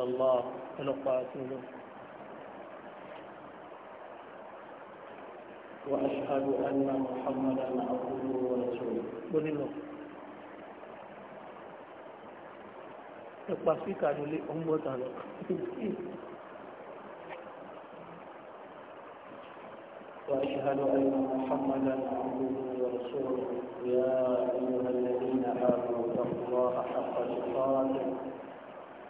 الله ونقطع وأشهد أن محمدا عبده ورسوله بنينو فيك síkà لي ام lọ وأشهد أن محمدا عبده ورسوله يا أيها الذين آمنوا اتقوا الله حق تقاته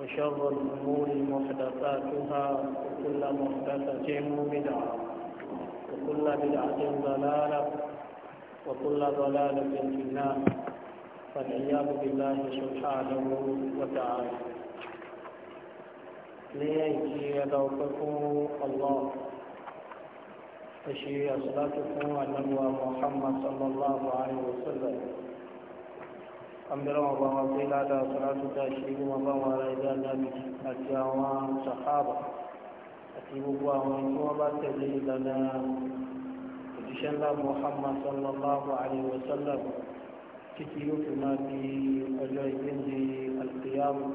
وشر الأمور محدثاتها وكل محدثة بدعة وكل بدعة ضلالة وكل ضلالة في النار والعياذ بالله سبحانه وتعالى ليجي ذوقكم الله إله إلا الله محمد صلى الله عليه وسلم أمرهم الله وسيلة صلاة تشريكهم الله على إذا النبي أتياوان صحابة أتيبوا وإنتوا باتبلي لنا وتشن محمد صلى الله عليه وسلم تتيوكما في أجايبين القيامة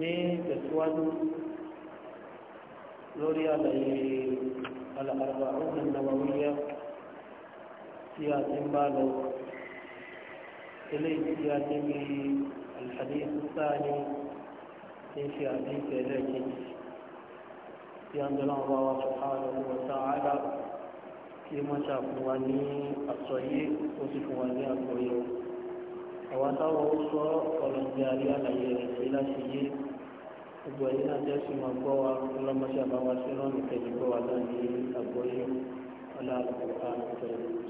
ní tẹ̀síwájú lórí àlàyé alàgbà òun nàwàwíyá tí a ti ń bá lọ eléyìí tí a ti ń rí alhadith sáàni tí ń ṣe àdéhùn ẹlẹ́ẹ̀kejì tí a ń dọ́là ń bá wa subhanahu wa ta'ala tí wọ́n ṣàfihàn wa ní àsọyé ó sì fún wa ní àgbọ̀yé àwa táwọn ó sọ ọ̀rọ̀ ìdí àrí àlàyé rẹ̀ sí láti yé gbogbo ẹ̀yin náà jẹ́ sí gbọ́ wa lọ́mọṣẹ́ àbáwá sí rọ́ọ̀nù kẹ́lẹ́ gbọ́ wa náà ní àgbọ̀yé ọlá àlùkò àlùkò ẹ̀yìn.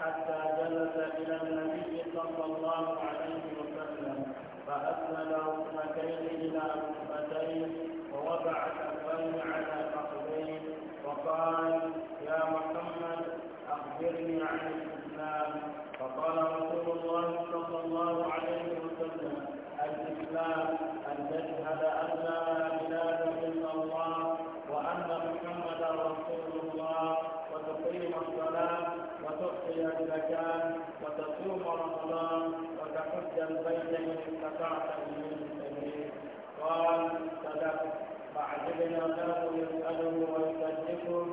حتى جلس إلى النبي صلى الله عليه وسلم فأسند ركبتيه إلى ركبتيه ووضع كفين على فخذيه وقال يا محمد أخبرني عن الإسلام فقال رسول الله صلى الله عليه وسلم الإسلام أن تشهد أن الحياة وتصوم رمضان وتحج البيت إن استطعت من سبيلا قال صدق فعجبنا له يسأله ويصدقه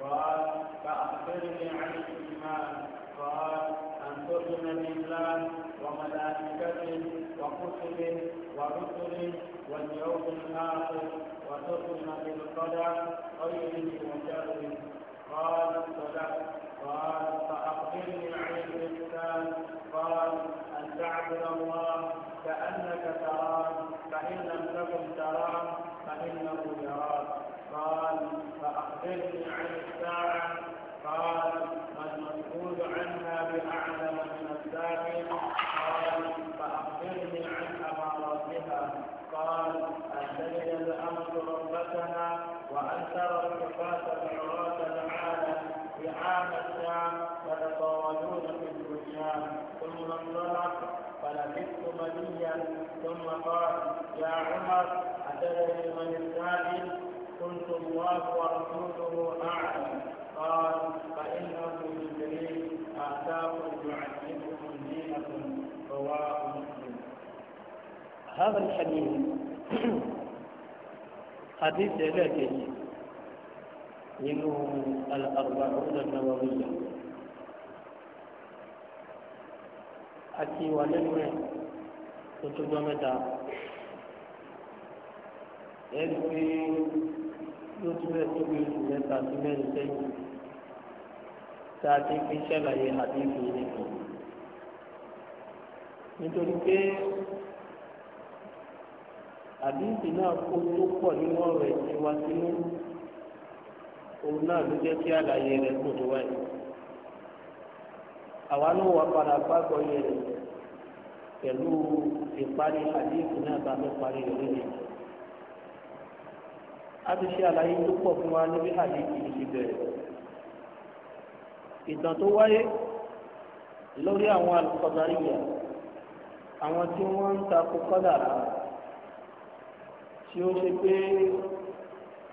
قال فأخبرني عن الإيمان قال أن تؤمن بالله وملائكته وكتبه ورسله واليوم الآخر وتؤمن بالقدر خيره وشره قال صدقت قال فأخبرني عن الإحسان قال أن تعبد الله كأنك تراه فإن لم تكن تراه فإنه يراك قال فأخبرني عن الساعة قال ما المسؤول عنها بأعلم من السائل قال فأخبرني عن أماراتها قال أن تجد الأمر ربتها وأن ترى الكفاة العراق ثم فلبثت مليا ثم قال يا عمر أتدري من السائل كنت الله ورسوله أعلم قال فإنه جبريل أتاكم يعلمكم دينكم رواه مسلم هذا الحديث حديث علاجي منه الأربعون النووية àti ìwà lẹ́nu rẹ̀ tó tó gbọ́ mẹ́ta ẹni pé yóò tún bẹ́ẹ̀ tóbi oṣù mẹ́ta sí mẹ́rin sẹ́yìn tá a ti fi ṣàlàyé àdéhùn nìkan nítorí pé àdéhùn náà kó tó pọ̀ nínú ọ̀rọ̀ ẹ̀sìn wa sínú òun náà ló jẹ́ kí àlàyé rẹ̀ kò tó wáyé àwa ló wà padà gbàgbọ́ yẹ pẹ̀lú ìparí àdéhùn náà bá mi parí ìlú yẹn. a ti ṣe àlàyé tó pọ̀ fún wa níbi àdéhùn yìí ti bẹ̀rẹ̀. ìtàn tó wáyé lórí àwọn alùpàdàríyà àwọn tí wọ́n ń takò kọ́dàrà tí ó ṣe pé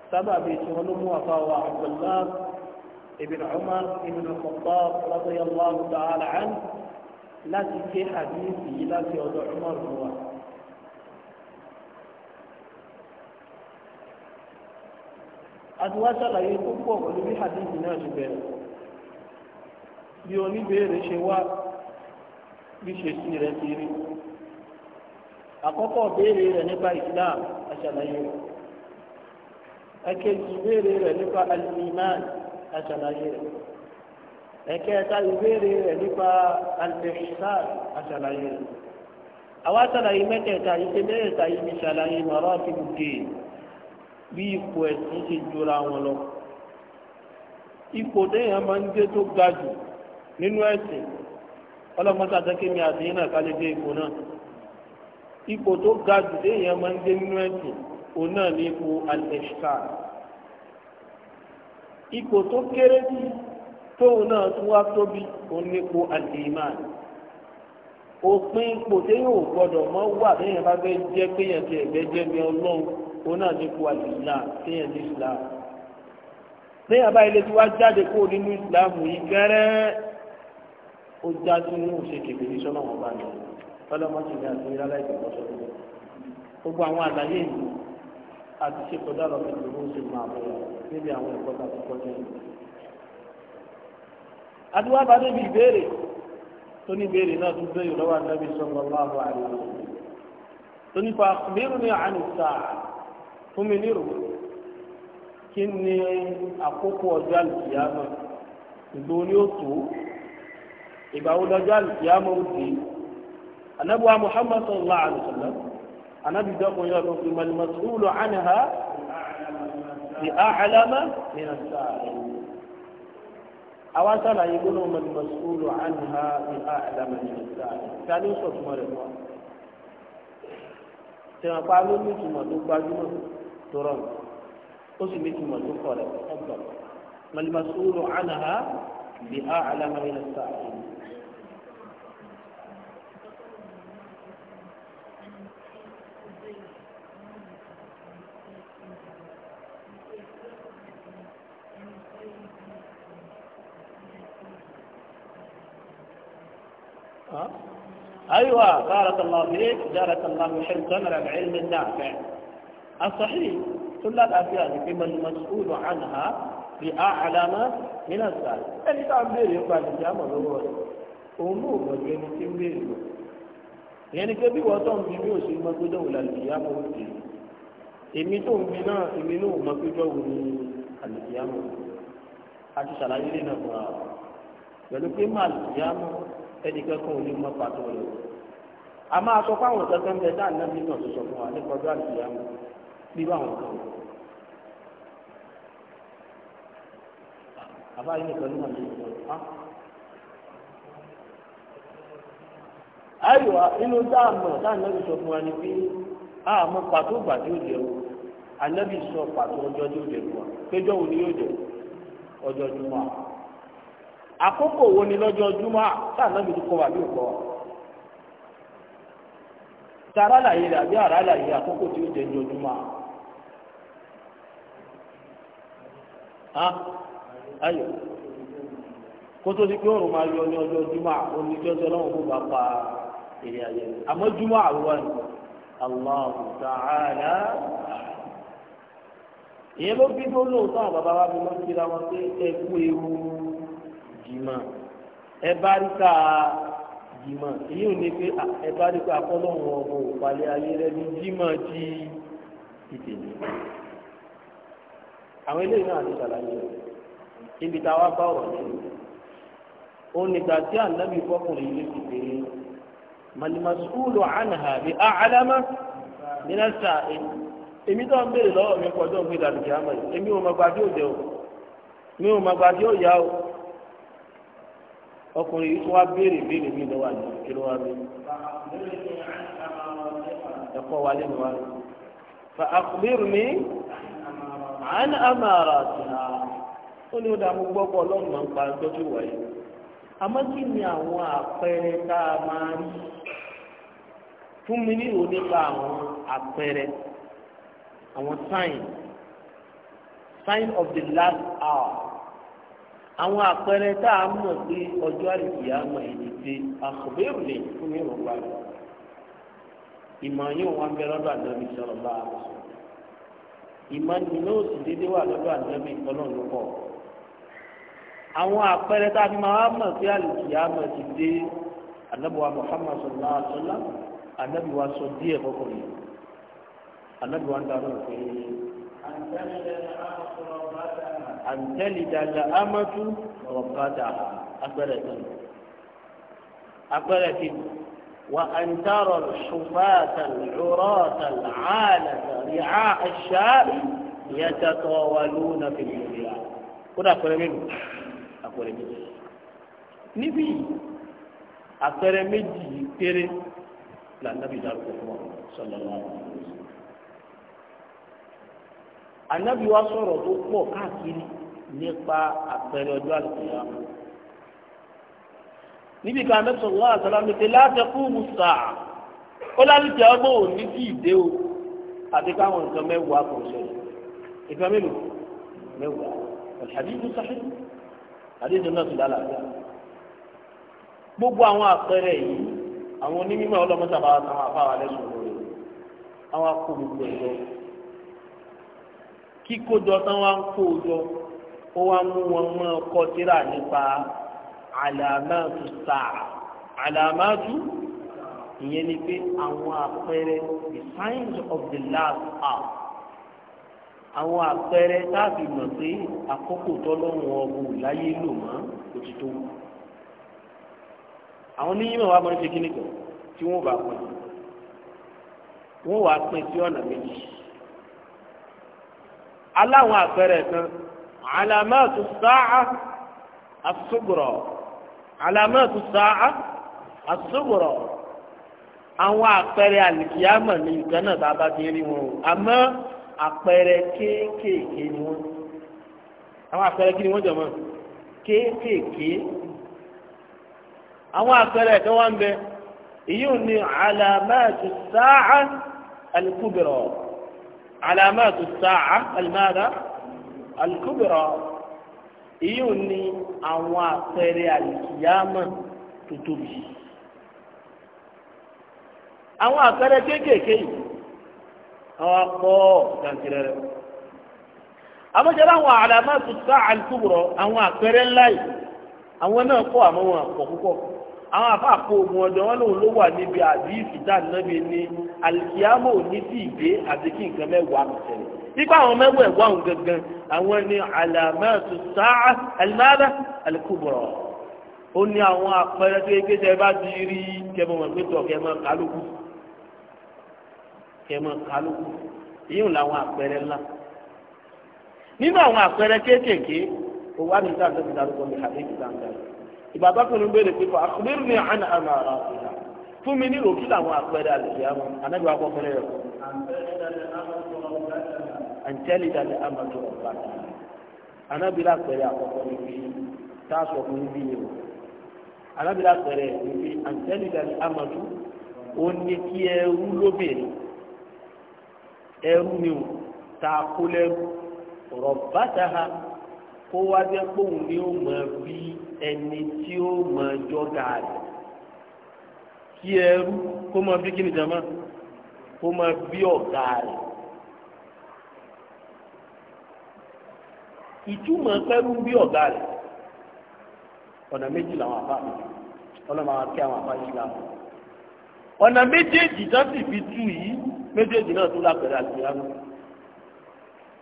sábàbí tí wọ́n ló mú àfa wa àgbẹ̀lá ابن عمر ابن الخطاب رضي الله تعالى عنه لا في حديثه لا في عمر هو àtiwáṣà làyè púpọ̀ pẹ̀lú bí hadith náà ṣe bẹ̀rẹ̀ bí oníbèrè ṣe wá bí ṣe sí rẹ̀ ti rí àkọ́kọ́ béèrè rẹ̀ nípa islam aṣàlàyé rẹ̀ ẹ̀kejì béèrè rẹ̀ nípa al-iman aṣàlàyé rẹ̀ ẹ̀kẹta ìbéèrè rẹ̀ nípa al-ihsan aṣàlàyé rẹ̀ àwọn aṣàlàyé mẹ́tẹ̀ẹ̀ta ìṣe mẹ́tẹ̀ẹ̀ta yìí ni ṣàlàyé mọ̀rọ́ ti gùgé bí ipò ẹ̀sìn ṣe jura wọn lọ ipò déèyàn máa ń gbé tó ga jù nínú ẹ̀sìn ọlọ́mọta àtẹ́kẹ́mi àtẹ́yìn náà ká lè dé ipò náà ipò tó ga jù déèyàn máa ń gbé nínú ẹ̀sìn òun náà ní ipò al-ihsan ipò tó kéré jù tóun náà tún wá tóbi onípo al-iman òpin ipò téyàn ò gbọdọ̀ mọ́ wà téyàn bá fẹ́ jẹ́ péyàn ti ẹ̀gbẹ́ jẹ́ mi ọlọ́run òun náà nípo al-islam téyàn ní islam téyàn bá ilé tí wá jáde kó nínú islam yìí gẹ́rẹ́ ó já sí inú òṣèkèké ní sọ́nà wọn bá yẹn fọlọ́mọ́sí ni àti ìrálá ìgbàgbọ́sọ́ gbogbo àwọn àlàyé yìí àti ṣe kọjá lọ sí ìlú ṣe máa bẹ̀rẹ̀ níbi àwọn ẹ̀kọ́ tá a ti kọjá yìí. adúlá bá débi ìbéèrè tó ní ìbéèrè náà tún bẹ́ẹ̀ lọ́wọ́ àdábì sọ́kọ̀ láàbọ̀ àríwá tó nípa mérù ní àánú sáà fún mi nírò kí ni àkókò ọjọ́ àlùkìyàmọ̀ ìgbò ní ó tó ìgbà wo lọ́jọ́ àlùkìyàmọ̀ ó dé anábùwà Muhammad sallallahu alaihi wa anábì dọ́kun yóò tó fi mọ̀lẹ́mọ̀ sùúlù àníhà ní àhàlámà ní àṣàrẹ̀. àwa sàlàyé gbọ́dọ̀ mọ̀lẹ́mọ̀ sùúlù àníhà ní àhàlámà ní àṣàrẹ̀. ta ni sọ̀tùmọ̀ rẹ̀ mọ́? tẹ̀wọ̀n pa ló ní ìtumọ̀ tó gbajúmọ̀ tó rọrùn ó sì ní ìtumọ̀ tó kọ̀ rẹ̀ ọgbà mọ̀lẹ́mọ̀ sùúlù àníhà ní àhàlámà ní àṣàrẹ̀. أيوة بارك الله فيك جارك الله يحل ثمر العلم النافع الصحيح كل الأشياء التي من مسؤول عنها بأعلم من الزاد يعني تعبير يقال في أمر الله أمور وجهة تنبير يعني كبير وطن في بيوس المكدو القيامه والدين بناء بنا إمنو مكدو القيامه حتى سلايرنا قرار ولكن ما القيام ادي كاكو لما فاتوا له a máa sọ fáwọn ọ̀sẹ̀sẹ̀ ń dáà náà nínú ọ̀sọ̀sọ̀ fún wa nípa ọjọ́ àti ìyàwó nínú àwọn kan. àbá yìí nìkan nínú àti ìyàwó. ayò inú dáàmù dáà náà sọ fún wa ni pé àmọ́ pàtó ìgbà tí ó jẹ o ànábì sọ pàtó ọjọ́ tí ó jẹ fún wa péjọ wo ni yóò jẹ ọjọ́ àkókò wo ni lọ́jọ́ kọ́ wa tara àlàyé rẹ̀ àbí àrà àlàyé àkókò tí ó jẹ́ ní ojúmọ́ ayò kótó ti pé òrùn máa yọ ní ọjọ́ júmọ́ oníjọ́sọ ọlọ́run kó bá pa èrè ayẹ àmọ́ júmọ́ àrùwá ni Allahu ta'ala ìyẹn ló bí tó lóòótọ́ àwọn bàbá wa fi mọ́ síra wọn pé ẹ kú ewu jìmọ̀ ẹ bá rí sáà jimá èyí ò ní pé ẹ̀bá rí pé akọ́lọ́hún ọmọ òpàlẹ́ ayé rẹ ní jimá ti ìdènà àwọn eléyìí náà ti ṣàlàyé rẹ níbi tá a wá bá ọ̀rọ̀ yẹn ó ní ìgbà tí ànábì fọkùnrin yìí ti pé màlìmásúlù ànàhà bí àlámà nínú sáà èmi tó ń béèrè lọ́wọ́ mi kọjọ́ ń gbé dàbí kí á mọ̀ èmi ò mọ̀ gbà tí ó jẹ o mi ò mọ̀ gbà tí ó yá o ọkùnrin yìí tó wá béèrè béèrè mi lọ́wọ́ àná kí ló wá bí. ẹ̀kọ́ wa lé mi wá. fa àkùbírù mi àánú àmàrà tìǹà ó ní ó dàá mo gbọ́ pọ̀ lọ́nà máa ń pa ẹjọ́ tó wà kí ni àwọn àpẹẹrẹ tá a máa rí fún mi ní nípa àwọn àpẹẹrẹ àwọn sign sign of the last hour àwọn àpẹẹrẹ tá a mọ̀ pé ọjọ́ àlùkìyà mọ̀ èyí pé àkùbẹ́rù lè fún mi rò wá lọ. ìmọ̀ yóò wá ń bẹ lọ́dọ̀ ànábì sọ̀rọ̀ bá a sọ. ìmọ̀ nínú òsì dédé wà lọ́dọ̀ ànábì ọlọ́run pọ̀. àwọn àpẹẹrẹ tá a fi máa mọ̀ pé àlùkìyà mọ̀ ti dé ànábì wa Muhammad sallallahu alaihi wasallam ànábì wa sọ díẹ̀ kọ́kọ́ yìí ń darọ̀ pé àǹtẹ́lìdà làámọ́tú rọ̀bátà apẹ̀rẹ̀ kan apẹ̀rẹ̀ kejì wà àǹtàrọ̀ ṣùfàtà lùrọ̀tà làálà rìhà àṣàbí yàtàtọ̀ wà lónà fìlìfìlà kódà apẹ̀rẹ̀ mélòó apẹ̀rẹ̀ méjì níbí apẹ̀rẹ̀ méjì péré làǹdàbí dàrú fún wa sọlọ́lá anabi wa sọ̀rọ̀ tó pọ̀ káàkiri nípa àpẹẹrẹ ọjọ́ àlùkìyà níbi kan anabi sọ̀rọ̀ wà sàlámù pé látẹkù musa ó lálùkìyà ọgbọ́n ò ní sí ìdè o àti káwọn nǹkan mẹ́wàá kò ṣẹlẹ̀ ìfẹ́ mélòó mẹ́wàá alhadithu sahih àdéhùn náà ti lálàáfíà gbogbo àwọn àpẹẹrẹ yìí àwọn onímọ̀ ọlọ́mọ sábà táwọn afáwà lẹ́sùn lórí àwọn akó ẹ̀ lọ kíkójọ tán wá ń kó jọ ó wá mú wọn mọ ọkọ tíra nípa àlàmáàtú sáà àlàmáàtú ìyẹn ni pé àwọn àpẹẹrẹ the signs of the last hour àwọn àpẹẹrẹ táàbì mọ̀ pé àkókò tọ́lọ́run ọ̀bù láyé lò mọ́ òtítọ́ àwọn oníyìnbọn wa máa ń ṣe kíní kan tí wọ́n bá pín wọ́n wàá pín sí ọ̀nà méjì. aláwọn àpẹẹrẹ kan alamatu sáà asúgbùrọ̀ alamatu sáà àwọn àpẹẹrẹ àlìkìyàmọ̀ ní nǹkan náà tá a bá ti rí wọn àmọ́ àpẹẹrẹ kéékèèké ni àwọn àpẹẹrẹ kí ni wọ́n jọ kéékèèké àwọn àpẹẹrẹ kan wọn bẹ èyí ní alamatu sáà علامات الساعة الماذا الكبرى إيوني أنواع سيري القيامة تتوبي àwọn àpẹẹrẹ kéékèèké yìí àwọn apọ jàǹtìrẹ rẹ àmọ́jọ́lá àwọn àlàmà tó sá àlùkùbùrọ̀ àwọn àpẹẹrẹ ńlá yìí àwọn àfa àpò ogun ọdọ wọn lòun ló wà níbi àdìsí dánilẹ́bi ní alikiyama ò ní sí ìgbé àti kí nǹkan mẹ́wàá mi ṣẹlẹ̀ ipa àwọn mẹ́wàá ẹ̀wọ́ àwọn gangan àwọn ni alamẹ́tò sáà alimada alikubọ̀rọ̀ ó ní àwọn àpẹẹrẹ tó yẹ kí ṣe bá ti rí kẹmọ wọn kẹmọ kálukú kẹmọ kálukú èyí ń làwọn àpẹẹrẹ ńlá nínú àwọn àpẹẹrẹ kéékèèké owó àmì sáà tó ti darúgbó mi àbí ìgbà ń ìbàbá kan ló ń béèrè pé fún akọbẹrù ní àná àmà ara fún mi ní òkú làwọn àpẹẹrẹ àlùfẹ àmọ́ anábì wa kọkọ rẹ kọ. àǹtẹ́lì dalẹ̀ àmà tó ọ̀gá anábì lápẹẹrẹ àkọ́kọ́ ní bí tá a sọ fún bí yìí o anábì lápẹẹrẹ ní bí àǹtẹ́lì dalẹ̀ àmà ó ní kí ẹrú lóbìnrin ẹrú ni o tá a kó lẹ́rú rọ̀bátà ha kó wá jẹ́ póun ni ó máa bí ẹni tí ó máa jọ́gà rẹ̀ kí ẹrú kó máa bí kíni jama kó máa bí ọ̀gá rẹ̀. ìtumọ̀ pẹ́rú bí ọ̀gá rẹ̀ ọ̀nà méjì làwọn àbá mi ọlọ́mọ àwọn akẹ́ àwọn àbá yìí láwọn. ọ̀nà méjèèjì tó sì fi tú yìí méjèèjì náà tó lápẹ̀rẹ̀ àti ìyá náà.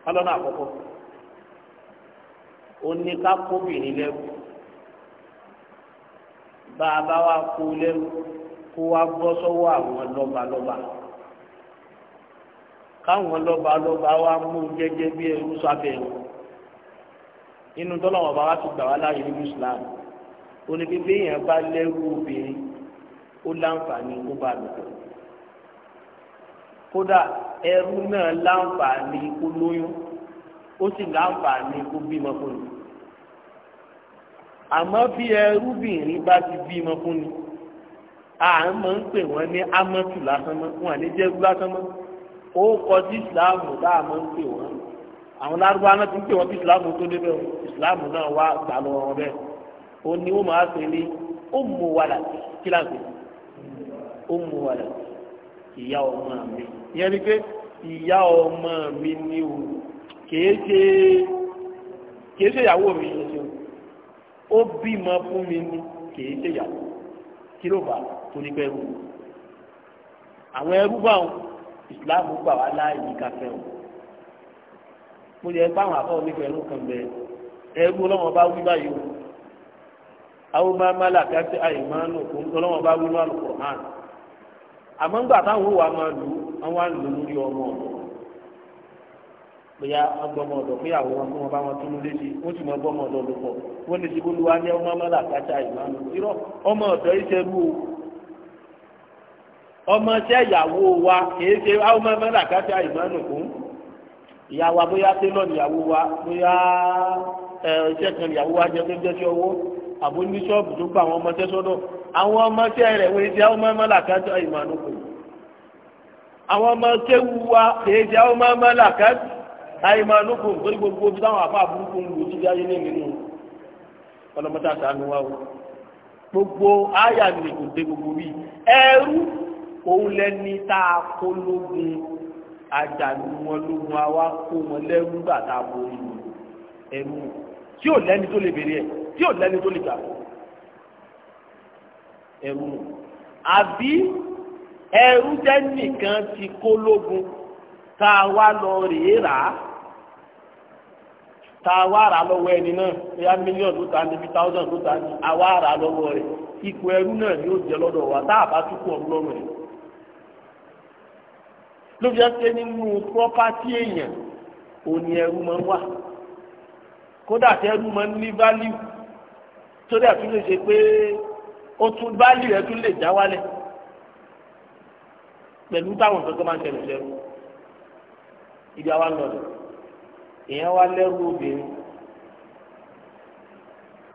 alọ́nà àkọ́kọ́ ó ní ká kóbìnrin lẹ́rú bá a bá wa kó lẹ́rú kó wa bọ́ sọ́wọ́ àwọn lọ́balọ́ba káwọn lọ́balọ́ba wa mú jẹ́jẹ́ bí ẹrú sábẹ́ wọn inú tọ́lọ́wọ́ bá wa ti gbà wá láàyè nínú Islam oníbi béèyàn bá lẹ́rú obìnrin ó láǹfààní kó bá lò kódà ẹrú náà láǹfààní kó lóyún ó sì láǹfààní kó bímọ fún ni àmọ́ bí ẹrúbìnrin bá ti bímọ fún ni à ń mọ̀ ń pè wọ́n ní amọ́tù lásán mọ́ wọn àní jẹ́rú lásán mọ́ ó kọ sí ìsìláàmù tá a mọ̀ ń pè wọ́n àwọn lárúbá náà ti ń pè wọ́n bí ìsìláàmù tó débẹ̀ ìsìláàmù náà wá gbà lọ́wọ́ wọn bẹ́ẹ̀ ó ní wọ́n máa pè ní ọmọ wàlà kí láǹfààní ọmọ wàlà ìyá ọmọ mi ìyẹn ni pé ìyá ọmọ mi ni òun kìí ṣe ìyàwó mi yìí ṣe ó bímọ fún mi ní kìí ṣe ìyàwó kí ló bá torí pé ẹrú àwọn ẹrú bá wọn ìsìláàmù gbà wá láàyè káfẹ́ wọn mo yẹ fáwọn afọ mi pẹ̀lú kan bẹ ẹrú ọlọ́wọ́n bá wí báyìí o àwọn máa má là ká sí àyè máa ń lò fún ọlọ́wọ́n bá wí lọ́wọ́ àlùkò hàn àmọ́ ńgbà táwọn ò wá máa lù àwọn àlùlù lórí ọmọ ọ̀dọ́ bóyá wọn gbọmọ ọdọ péyàwó wọn kó wọn bá wọn tún lé sí wọn sì mọ gbọmọ ọdọ ló pọ wọn lè ṣe kó luwa ní ọmọ ọmọlá kájà ìmánu irọ́ ọmọ ọdọ ìṣẹlú o ọmọ ṣẹ ìyàwó wa kìí ṣe ọmọ ọmọlá kájà ìmánu kún ìyàwó bóyá télọ̀ níyàwó wa bóyá ẹ iṣẹ́ kan níyàwó wa jẹ tó jẹ sí ọwọ́ àbó ní ṣọ́ọ̀bù tó gba àwọn ọmọọṣẹ́ sọ́dọ̀ àwọn ọmọọṣẹ́ rẹ̀ wọ́n ṣe àwọn ọmọọmọlá kájà ìmánu kún àwọn ọmọ kéwu wa kìí ṣe àwọn ọmọọmọlá kájà àìmọ̀lókò torí gbogbo bí táwọn àfa burúkú ń lò sí ayé ní nínú ọlọ́mọdé àtàánú wa o gbogbo àyà lè kò dé gbogbo wí ẹrú òun lẹni tá a kó lógun àjàlù wọn lógun àwa kó wọn lẹ́rú gbà tá a borí ẹrú tí ò lẹ́ni tó lè béèrè ẹ̀ tí ò lẹ́ni tó lè gbà ẹrú àbí ẹrú jẹ́ nìkan ti kó lógun tá a wá lọ rèé rà á ta wàrà lọ́wọ́ ẹni náà bóyá mílíọ̀nù ló ta ní bí táwùsàn ló ta ní àwàrà lọ́wọ́ rẹ̀ ipò ẹrú náà ni ó jẹ lọ́dọ̀ wa tá a bá túkọ̀ ọlọ́run ẹ̀. ló fi ṣe nínú pọ́pátì èèyàn òní ẹrú máa ń wà kódà tí ẹrú máa ń ní válíù tó dẹ̀ tún lè ṣe pé ó tún válíù ẹ̀ tún lè já wálẹ̀ pẹ̀lú táwọn kankan máa ń ṣẹlẹ̀ lẹ́rú ibi àwa èèyàn wá lẹ́rú obìnrin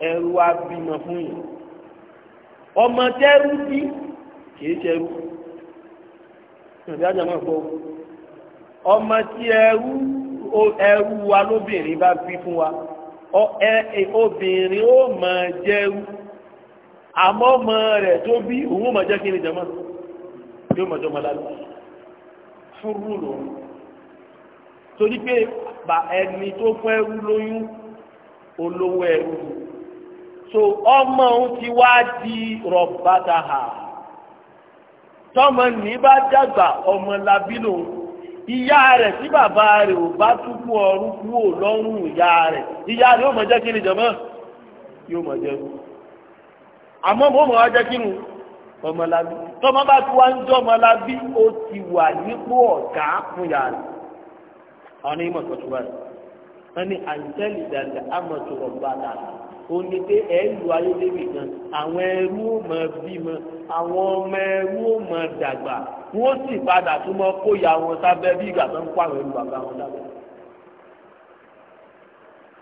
ẹrú wa bímọ fún yìí ọmọ tẹ́rú bí kìí tẹ́rú ìdájọ́ náà gbọ́ ọmọ tí ẹrú ẹrú wa lóbìnrin bá bí fún wa obìnrin ó mọ̀ jẹ́rú àmọ́ ọmọ rẹ̀ tó bí òun ó mọ̀ jẹ́ kí ni jẹ́mọ́ yóò mọ̀ jọmọ lálẹ́ fúrú lòun torí pé bá ẹni tó fún ẹrú lóyún olówó ẹrú so ọmọ òun ti wá di rọ̀bátà hà tọmọ ní bá dàgbà ọmọ labí lòun ìyá rẹ̀ tí bàbá rẹ̀ ò bá túkú ọrùn kúò lọ́rùn ìyá rẹ̀ ìyá rẹ̀ yóò mọ̀ jẹ́ kí ni jọ̀mọ́ yóò mọ̀ jẹ́ rú àmọ́ mo mọ̀ wá jẹ́ kí nu ọmọlábí tọ́mọ bá ti wá ń jọ́ ọmọlábí ó ti wà nípò ọ̀gá fún yàrá àwọn onímọ̀ ìkọ̀tùmọ̀ rẹ̀ wọ́n ní àǹtẹ́lì dàda amọ̀tò ọ̀gbàdà ó ní pé ẹ lu ayédèmí kan àwọn ẹrú ó mọ bímọ àwọn ọmọ ẹrú ó mọ dàgbà wọ́n sì padà tún mọ kóyà wọn sábẹ́ bí ìgbà tó ń kó àwọn ẹrú bàbá wọn sábẹ́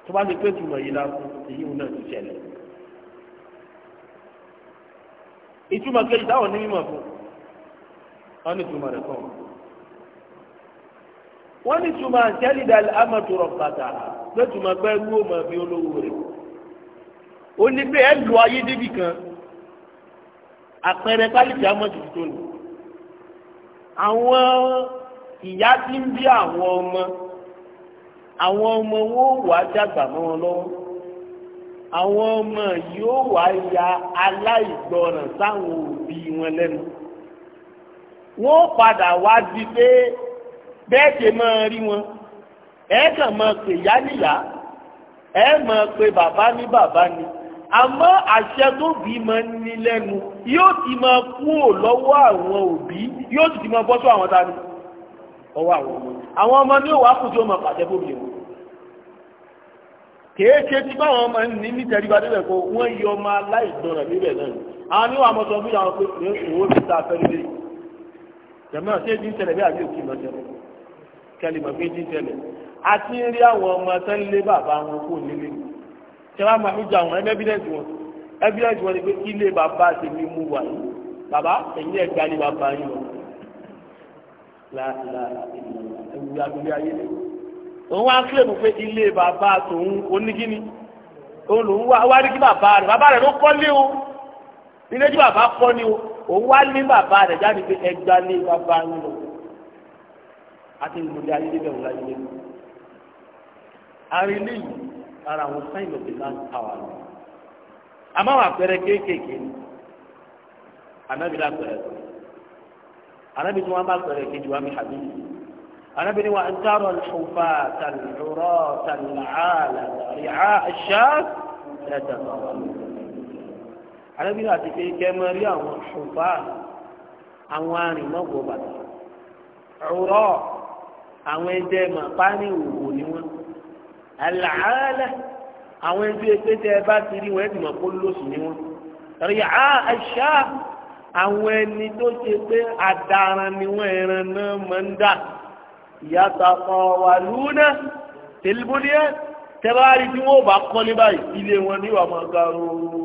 tó bá lè pé tìmọ̀ yìí la èyí wọn náà ti ṣẹlẹ̀ ìtumọ̀ kejì táwọn onímọ̀ fún wọn ní ìtumọ̀ rẹ̀ kàn wọ́n wọ́n ní túmọ̀ àjẹ́lìdà amadu rọ̀bàtà lọ́tùmọ̀ gbẹ́rú ọmọ bí olówó rẹ̀ ó ní pé ẹ lu ayé débì kan àpẹẹrẹ pálíkì amadu tó ní àwọn ìyá tí ń bí àwọn ọmọ àwọn ọmọ wọn ò wá dàgbà mọ́ wọn lọ́wọ́ àwọn ọmọ yóò wá ya aláìgbọràn sáwọn òbí wọn lẹ́nu wọ́n padà wá di pé bẹ́ẹ̀ ṣe máa rí wọn ẹ kàn máa pè yá níyà ẹ máa pè bàbá ní bàbá ni àmọ́ àṣẹ tó bí máa ń ní lẹ́nu yóò ti máa kúrò lọ́wọ́ àwọn òbí yóò sì ti máa bọ́ sọ àwọn tani ọwọ́ àwọn ọmọ àwọn ọmọ ní òwò àkùtì ó máa bóbi wọn kèéṣe tí báwọn ọmọ ní nítorí bá débẹ̀ kó wọ́n yí ọmọ aláìgbọràn níbẹ̀ náà àwọn ní wàá mọ̀tọ́ fún yàrá pé òwò mi ta fẹ́ lé jẹ̀mọ́ ṣé ti tẹ̀lé bí àbí òkè lọ́jọ́ kẹlìmọ̀ méjì tẹ̀lẹ̀ àti ń rí àwọn ọmọ tó ń lé bàbá wọn kó nílé ṣẹlá máa ń jẹ àwọn ẹbídẹ́ǹsì wọn ẹbídẹ́ǹsì wọn ni pé ilé bàbá ti ní mú wà yìí bàbá èyí ẹ̀ gba ni bàbá yìí lọ láàlá ẹ̀wù àgbélé ayé lé òun wá ń kílèmù pé ilé bàbá tòun onígíní òun lòun wá wá rí kí bàbá rẹ̀ bàbá rẹ̀ ló kọ́ lé o ilé tí bàbá kọ́ ni o òun wá ní bàbá rẹ̀ jáde pé ẹgbàá ní bàbá yìí lọ àti ìgbòdì ayé níbẹ̀ wò láyé lẹ́nu. àrílẹ̀ yìí ara àwọn sign of the last hour ni. àmọ́ àwọn àpẹẹrẹ kéékèèké ni ànábì ní àpẹẹrẹ tó ànábì tí wọ́n bá àpẹẹrẹ kejì wá mi àbí yìí ànábì ní wa dárò lùfà tàlùrọ̀ tàlùhàlà rìhà àṣà ẹ̀dá tọ̀wọ̀ ànábì ní àti kéékèé mọ́ rí àwọn lùfà àwọn arìnmọ́gbọ̀ bàtà ọ̀rọ̀ àwọn ẹjẹ mà pání òwò ni wọn àlàálẹ àwọn ẹjẹ pé tẹ ẹ bá ti rí wọn ẹ ti mọ̀ kó lóṣù ni wọn rí a àṣà àwọn ẹni tó ṣe pé adaran ni wọn ẹran náà máa ń dà ìyàtọ̀ kan wà lúnà tẹlifóníà tẹ́bárí tí wọ́n bá kọ́ ní báyìí ilé wọn ní ìwà máa ga ooo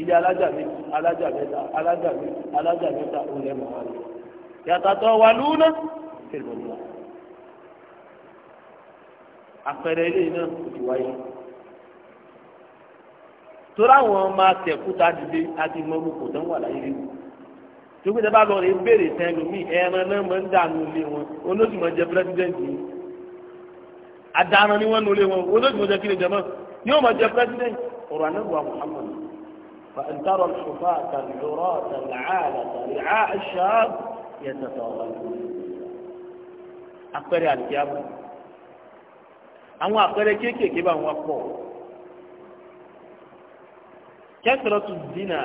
ilé alájà méjì alájà mẹ́ta alájà méjì alájà mẹ́ta ó lẹ́mọ̀ọ́ yàtọ̀ wà lúnà tẹlifóníà àpẹẹrẹ ilé náà kò ti wáyé torí àwọn máa tẹ̀kúta dìde àti mọ́mú kò tán wà láyé léwu tóbi tẹ́ bá lọ rè béèrè sẹ́nu mí ẹran náà máa ń dànù ilé wọn olóṣùmọ̀ jẹ pírẹ́sidẹ́ǹtì yìí àdàrán ni wọ́n nu ilé wọn olóṣùmọ̀ jẹ kíni jẹmọ́ ni máa jẹ pírẹ́sidẹ́ǹtì ọ̀rọ̀ anábùwà Muhammad fàǹtàrọ̀ ṣùfà àtàlùrọ̀ àwọn àpẹẹrẹ kéékèèké bá wọn pọ̀ kẹsìrọ tún di na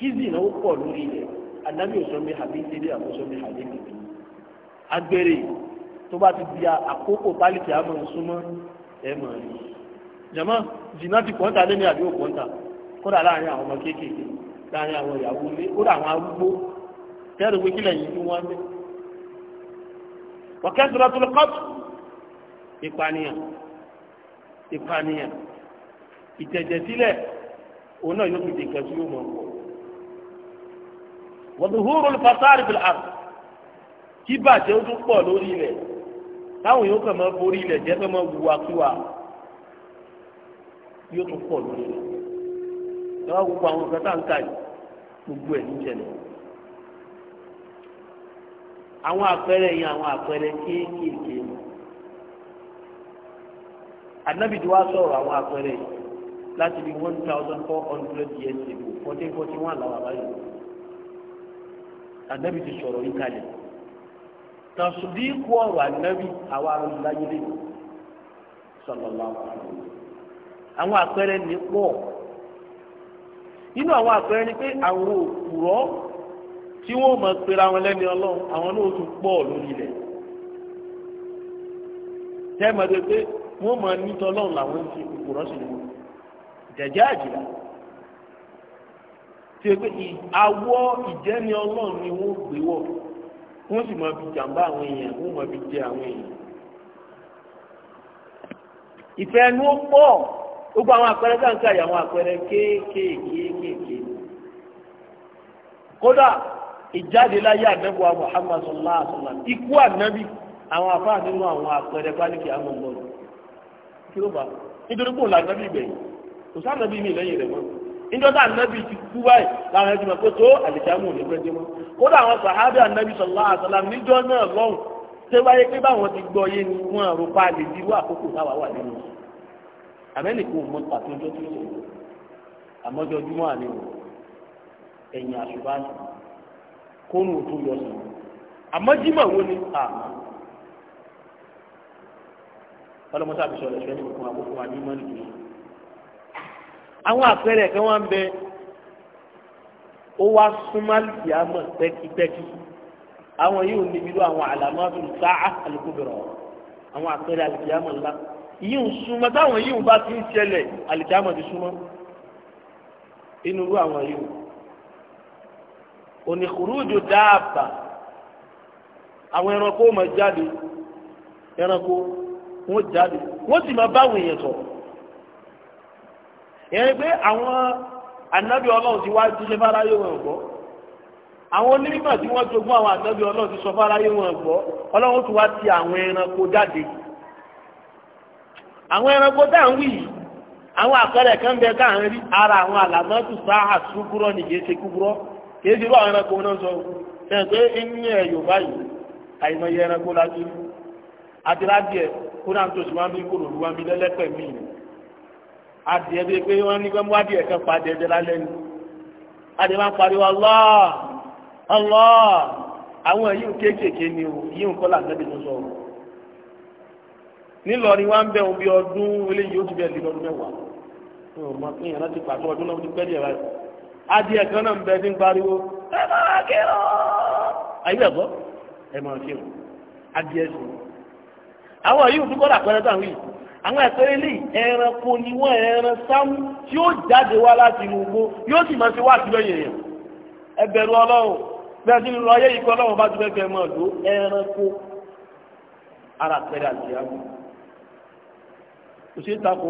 zina ó pọ̀ lórí ilẹ̀ anabi òsọmi habibi ilé àkósọmi habibi tó agbèrè ti di àkókò pálíkì àmọ́ ìsúnmọ́ ẹ mọ̀ ẹ́ jama zina ti pọ́ńtà lẹ́ni àbí òpọ́ńtà kódà láàrin àwọn ọmọ kéékèèké láàrin àwọn ìyàwó ilé kódà àwọn arúgbó tẹ́rù wíkílẹ̀ yìí ni ìpànìyàn ìpànìyàn ìtẹ̀jẹ̀sílẹ̀ òun náà yóò fi di nǹkan tí yóò mọ̀ ọ́. wàdùhúrò fasari bil ard kí bàjẹ́ ó tún pọ̀ lórí ilẹ̀ táwọn yóò kàn máa borí ilẹ̀ jẹ́ fẹ́ máa wùwà kíwà yóò tún pọ̀ lórí ilẹ̀. ìjọba gbogbo àwọn nǹkan tá à yìí gbogbo ẹ̀ ń jẹlẹ̀. àwọn àpẹẹrẹ yẹn àwọn àpẹẹrẹ kéékèèké ni anabi ti wá sọ̀rọ̀ àwọn àpẹẹrẹ yìí láti bí one thousand four hundred years ago fourteen forty one làwọn àbáyọ anabi ti sọ̀rọ̀ yìí kalẹ̀ tàṣùdí kú ọ̀rọ̀ anabi àwọn arúgbáyé lè sọlọ́lá àwọn àpẹẹrẹ ní pọ̀ nínú àwọn àpẹẹrẹ ni pé àwọn òpùrọ́ tí wọ́n mọ̀ pera wọn lẹ́ni ọlọ́run àwọn náà tún pọ̀ lórí ilẹ̀ tẹ́ mọ̀ pé wọ́n ma ní tọ́lọ́run làwọn ń fi àjìlá tí o pé àwọ̀ ìjẹ́ni ọlọ́run ni wọ́n gbé wọ́n sì máa fi jàǹbá àwọn èèyàn fi jẹ àwọn èèyàn. ìfẹ́ ẹnu ó gbogbo àwọn àpẹẹrẹ káńkà yìí àwọn àpẹẹrẹ kéékèèké kódà ìjáde láyé ikú ànábì àwọn àwọn àpẹẹrẹ kí ló fà á nítorí pé òun là nàbí ìgbẹ̀yìn kò sá nàbí mi lẹ́yìn rẹ̀ mọ́ níjọ́tà nàbí ti kú báyìí láwọn ẹni tí mo pé tó àlìkámù ní pẹ́ dé mọ́ kódà àwọn sàhábì ànàbí sallallahu alaihi wasallam níjọ́ náà lọ́hùn ṣé wáyé pé báwọn ti gbọ́ yé ni wọ́n àrò pa lè di irú àkókò táwa wà nínú àmẹ́nìkò mọ pàtó ọjọ́ tó ṣe àmọ́jọ́júmọ́ àlẹ́ ẹ̀yìn àṣùbáṣù ọlọ́mọdé àbísọ̀ rẹ̀ sẹ́ni fún àkókò wa ní mọ́nì kìí. àwọn àpẹẹrẹ kan wá ń bẹ ó wá súnmálìkì àmọ̀ pẹ́kípẹ́kí àwọn yìí ò níbi ló àwọn àlàmọ́tò sáà àlùkùbẹ̀rọ̀ àwọn àpẹẹrẹ àlùkìyàmọ̀ ńlá yìí ń súnmọ́ táwọn yìí ń bá ti ń ṣẹlẹ̀ àlùkìyàmọ̀ ti súnmọ́ inú irú àwọn yìí òní kùrúùjù dáàbà àwọn ẹranko máa jáde ẹranko wọ́n jáde wọ́n sì máa báwọn èèyàn sọ ìyẹn pé àwọn ànábì ti wá jíṣẹ́ fáráyé wọn gbọ́ àwọn onímọ̀ tí wọ́n jogún àwọn ànábì ti sọ fáráyé wọn ti wá ti àwọn ẹranko jáde àwọn ẹranko tá à ń àwọn àpẹẹrẹ kan bẹ tá à ń rí ara àwọn àlàmọ́tò sáà súgúrọ́ nìyẹn ṣe kúgúrọ́ kì í ṣe irú àwọn ẹranko náà sọ pé ń kódà tó sì wá ń bí lu wá ń lẹ́lẹ́pẹ̀ mí ni adìẹ bíi pé wọ́n ní gbẹ́mú adìẹ kan pa adìẹ jẹ lálẹ́ ni adìẹ máa ń pariwo Allah Allah àwọn èyí kéékèèké ni o yíyí nǹkan làǹdẹ́bí tó sọ̀rọ̀ nílọrin wá ń bẹ̀ òun bí ọdún eléyìí ó ti bẹ̀ lé lọ́dún mẹ́wàá ọmọ pé yàrá ti pàtó ọdún náà ti pẹ́ díẹ̀ báyìí adìẹ kan náà ń bẹ ní pariwo ẹ máa kírun ayé ẹ̀gbọ́ ẹ máa kírun adìẹ sùn àwọn yìí òfin kọ́dà pẹ́rẹ́ táwọn yìí àwọn ẹ̀pẹ́rẹ́ lè ẹranko ni wọ́n ẹran sámú tí ó jáde wá láti inú igbó yóò sì máa ṣe wá àtijọ́ yẹ̀yẹ̀ ẹ bẹ̀rù ọlọ́run bẹ́ẹ̀ sí nínú ayé ikọ̀ ọlọ́run bá ti fẹ́ kẹ́ mọ́ ọ̀dọ́ ẹranko ara pẹ́rẹ́ àti àgbà kò ṣeé tako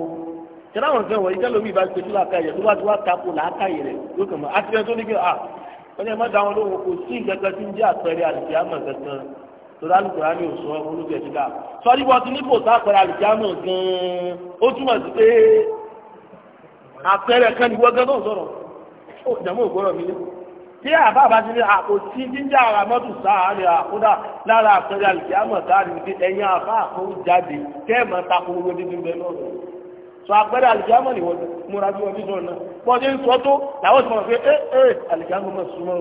tẹ́lá àwọn nǹkan wọ̀nyí tẹ́lómi ìbá ṣe fúlà káyẹ̀ tó bá ti wá tako làákàyè rẹ̀ yóò kàn mọ́ ah, àti tọ́lá lùkùrá ní òṣù olùkẹ́ ti dà sọ́ọ́dí bọ́ ti ní kò sápẹ́rẹ́ àlùjámọ̀ gan-an ó túmọ̀ sí pé àpẹẹrẹ kan ìwọ gan tó ń sọ̀rọ̀ ó jẹ̀mọ́ ògbọ́rọ̀ mi ní. bí àbá bá ti ní àpò tí jíjà ara mọ́tò sáà ní àkúdà lára àpẹẹrẹ àlùjámọ̀ káàdì ní ẹ̀yìn àbá àpò jáde kẹ́ẹ̀mọ́ tako gbogbo dídí bẹ́ẹ̀ lọ́dọ̀ sọ àpẹẹrẹ àlùjámọ̀ ni wọ́n múra bí wọ́n bí sọ̀rọ̀ náà bọ́ọ̀dé ń sọ tó làwọn sọ̀rọ̀ pé ẹ́ eh, ẹ́ eh, àlùjámọ̀ mọ̀ súnmọ́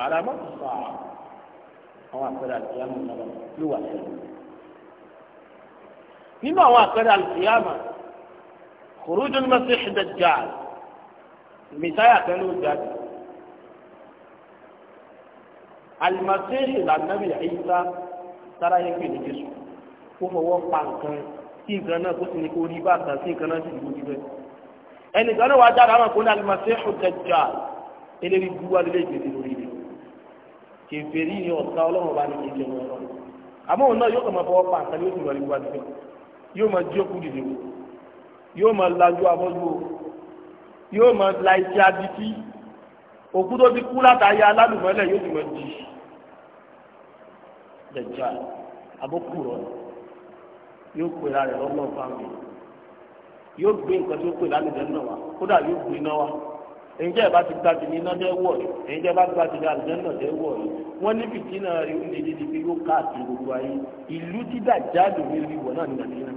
àràmọ́ sọ àwọn àpẹẹrẹ àlùfíàmù náà ló wà lẹ́nu. nínú àwọn àpẹẹrẹ àlùfíàmù kòrójú ní Masih Dajjal mìtáyà kan ló jáde. Al-Masih ìlànàbì Ìsá sára yẹn pè ní Jésù kó fọwọ́ pa nǹkan sí nǹkan náà kó sì ní kó rí bàtà sí nǹkan náà sì dúró níbẹ̀. ẹnìkan náà wàá jáde àwọn àkóńdà Al-Masih Dajjal eléyìí búwa lélẹ́yìí lórí kèfèrí ni ọ̀tá ọlọ́run bá ní kí n jẹun ọlọ́run àmọ́ òun náà yóò kàn máa fọwọ́ pa àtàlẹ́ yóò sì wà nígbà tó yóò máa jí òkú dìde wò yóò máa lajú abọ́jú o yóò máa la iṣẹ́ adití òkú tó ti kú látàáyé alálùmọ́lẹ̀ yóò sì máa jì jẹjà abókù rọ yóò pè ara rẹ̀ fáwọn yóò gbé nǹkan tó pè lálùjẹ́ náà wá kódà yóò gbé náà wá èyíjẹ́ ìbá ti gbàdì ní iná jẹ́ wọ̀ yìí èyíjẹ́ ìbá gbàdì ní àlùjẹ́ náà jẹ́ wọ̀ yìí wọ́n ní fìtínà ìlú dídí fi yóò káàkiri gbogbo ayé ìlú dídà jáde ní ìlú ìwọ̀ náà ní nàìjíríà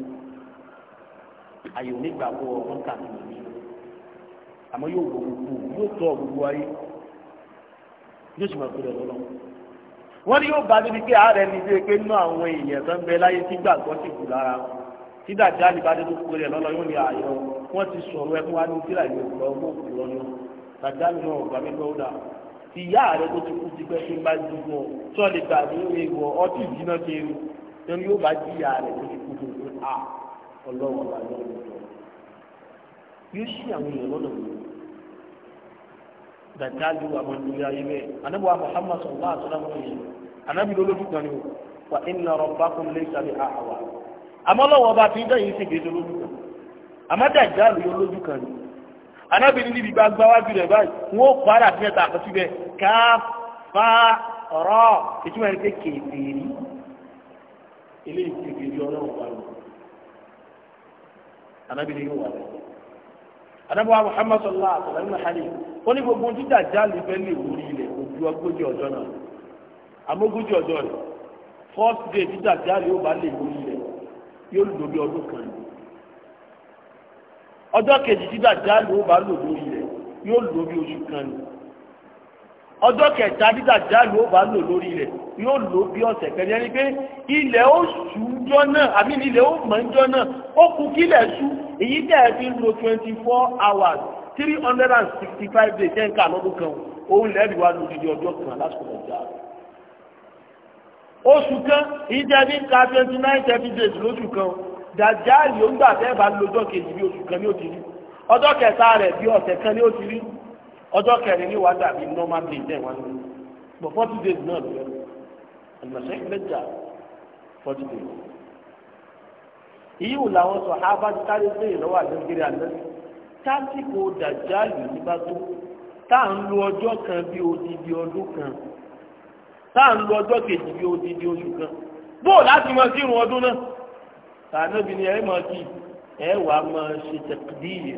ayò nígbà kó wọn káàkiri nàìjíríà àmọ́ yóò wọ gbogbo yóò tọ́ gbogbo ayé yóò sì máa kó lẹ́nu lọ. wọ́n ní yóò bá níbi pé ààrẹ ní ilé pé nínú àwọn èèyàn tó ń bẹ láyé tí gbàgbọ́ sì kù lára tí dàjáde bá dé tó kó lẹ́nu yóò wọ́n ti sọ̀rọ̀ ẹ̀kọ́ wa ní tíra ìwé ìlọ ọgbọ́n ìlọ ni tàjà mi náà gbàmí lọ́wọ́dà ti yá rẹ tó ti kú ti pẹ́ tó ń bá wọn tó lè gbà ní ewọ ọtí ìdíná kéwù lórí yóò bá di yá rẹ tó ti kú tó ń a ọlọ́wọ́ bá yọ ọ́ yóò ṣí àwọn èèyàn lọ́dọ̀ mi tàjà àwọn ìlú ayé bẹ́ẹ̀ anábọ̀ Muhammad sọ̀rọ̀ àtọ́lámọ́ yẹn anábì àmọ́dá ìjáàlú yóò lójú kan ní anábìrin níbi gbangba wájú rẹ̀ báyìí wọ́n kọ́ ara àti mẹ́ta àkọsí bẹ́ẹ̀ ká fa ọ̀rọ̀ ìtumọ̀ ẹni pé kèfèrí eléyìí kèfèrí ọlọ́run pa lọ anábìrin yóò wà lẹ́yìn adábọ̀wá Muhammad sallallahu alaihi wa sallam hali ó ní gbogbo ojú dàjáàlú fẹ́ lè wúrí ilẹ̀ ojú ogójì ọjọ́ náà amógójì ọjọ́ rẹ̀ first day tí dàjáàlú yóò bá lè wúrí ilẹ̀ yóò lò bí ọdún kan yìí ọjọ́ kejì tí dàjálù ó bá lò lórí rẹ̀ yóò lò bí oṣù kan ni ọjọ́ kẹta tí dàjálù ó bá lò lórí rẹ̀ yóò lò bí ọ̀sẹ̀ kan yẹn ni pé ilẹ̀ ó ṣújọ́ náà àbí ilẹ̀ ó mọ̀ọ́jọ́ náà ó kú kílẹ̀ ṣú èyí tẹ̀ ẹ́ fi ń lo twenty four hours three hundred and sixty five days ten ká lọ́dún kan òun lẹ́ẹ̀dì wá lórí di ọjọ́ kan lásìkò ọjà oṣù kan ìjẹ́ ní ká twenty nine thirty days lóṣù kan dàjáàlì ó ń gbà fẹ́ bá lójọ́ kejì bí oṣù kan ní òtìrí ọjọ́ kẹta rẹ̀ bí ọ̀sẹ̀ kan ní òtìrí ọjọ́ kẹrin ní wàá dàbí normal day ten wá ní but forty days náà ló yẹ àmọ̀ṣẹ́ ìgbẹ́jà forty days. ìyíwò làwọn sọ ábá ti sáré sí ìlọ́wọ́ àdéhùn àná tásìkò dàjáàlì ní bá tó tá à ń lo ọjọ́ kan bí odidi ọdún kan tá à ń lo ọjọ́ kejì bí odidi oṣù kan bóò láti mọ sírun ọdún náà sànàbí ni ẹ máa kí ẹ wàá máa ṣe tẹkídìí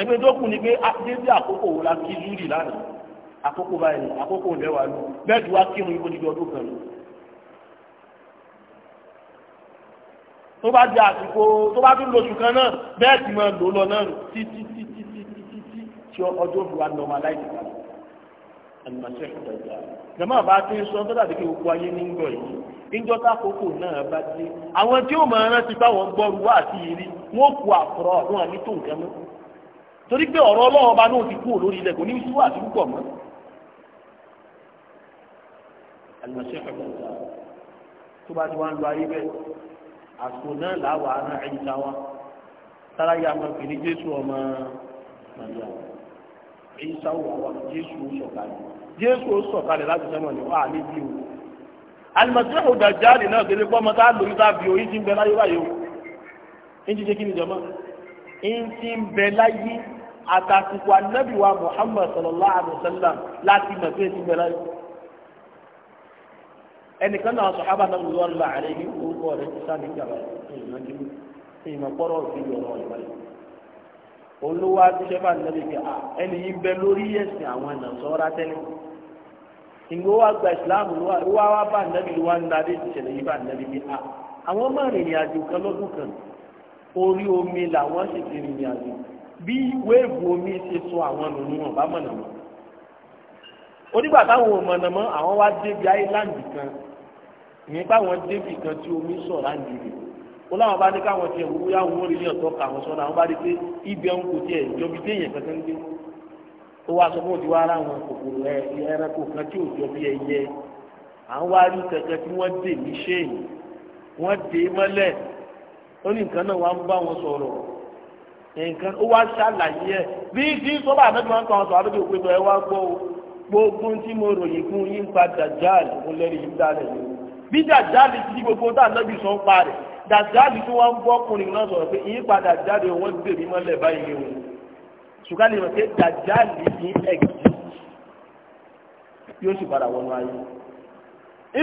ẹgbẹ́ tó kù ni pé ah, débi àkókò wo la kí zúrì lánàá àkókò báyìí àkókò lẹ́wàá lù bẹ́ẹ̀ tí wàá kírun ibo níbi ọdún kan lọ. tó bá di àsìkò tó bá tún lóṣù kan náà bẹ́ẹ̀ ti máa lò lọ náà títí títí títí títí tí ọjọ́ òdu normalize kan àlùmọ̀ṣẹ́ ìdàgbà jọmọ́ àbá tí ń sọ tó dàbí kí gbogbo ayé ní ń gbọ́ yìí níjọ́ tákòókò náà bá dé àwọn tí ó máa rántí báwọn gbọ́rù wá àti ìrí wọn kú àkùrọ̀ ọ̀run àmì tó nǹkan mọ́ torí pé ọ̀rọ̀ ọlọ́run ọba náà ti kú olórí ilẹ̀ kò ní sú àti púpọ̀ mọ́ àlùmọ̀ṣẹ́ ìdàgbà tó bá ti wá ń lo ayé bẹ́ẹ̀ àsìkò náà làwọ̀ ará ẹ̀yìn táwa sára máa pè ní Jésù ọmọ màríà èyí Jésù sọ̀kalẹ̀ jésù ó sọ̀kalẹ̀ láti sẹ́mọ̀ ní wà ní bí o alimọ̀tẹ́rù dàjáde náà kéré pọ́ mọ́tà lórí tá a fi oyin ti ń bẹ láyé báyìí o ń jíjẹ kí ni jọmọ́ ń ti ń bẹ láyé àtàkùkù anábìwá muhammad sallallahu alayhi wa sallam láti mọ̀ pé ti ń bẹ láyé ẹnìkan náà sọ̀hábà náà lọ́ọ́ lọ́ọ́ àrẹ ní orúkọ rẹ̀ ti sá ní ìjàmbá ìmọ̀ kọ́rọ̀ òfin lọ́rọ̀ ìbáyìí olówó adúṣe bá nàbí pé ah, ẹni yìí bẹ lórí ẹ̀sìn àwọn ẹ̀nà sọ́ra tẹ́lẹ̀ ìgbó wa gba ìsìláàmù ló wá wá bá nàbí ló wá ń darí ìṣẹ̀lẹ̀ yìí bá nàbí pé ah, àwọn máa rìnrìn àjò kan lọ́dún kan orí omi làwọn sì ti rìnrìn àjò bí wéèvù omi ṣe sọ àwọn nùnú wọn bá mọ̀nà mọ́ onígbà táwọn ò mọ̀nà mọ́ àwọn wá débi áíláǹdì kan ìyẹn báwọn débi kan tí omi sọ̀rọ̀ àǹdí rẹ̀ ó láwọn bá ní káwọn tiẹ̀ wúwo yá wọn rí ní ọ̀tọ̀ ká àwọn sọ́nà àwọn bá rí pé ibẹ̀ ń kò tiẹ̀ jọbi téèyàn kankan gbé ó wá sọ fún òdiwọ́ ara àwọn kòkòrò ẹranko kan tí ò jọbi ẹyẹ à ń wá rí kẹ̀kẹ́ tí wọ́n dè ní ṣéèyàn wọ́n dè é mọ́lẹ̀ ó ní nǹkan náà wá ń bá wọn sọ̀rọ̀ nǹkan ó wá ṣàlàyé ẹ̀ bí kí sọ́bà àbẹ́bí wọn kàn sọ àbẹ́bí òpin ẹ wá gbọ́ gbogbo tí mo ròyìn fún yín pa dàjáàlì fún lẹ́rìí yín dálẹ̀ bí dàjáàlì ti di gbogbo tá àlọ́bì sọ ń pa dàjáde tó wá ń gbọ́ ọkùnrin náà sọ̀rọ̀ pé jáde wọ́n mọ́lẹ̀ báyìí o ṣùgbọ́n lè mọ̀ pé dàjáde ní yóò sì padà wọnú ayé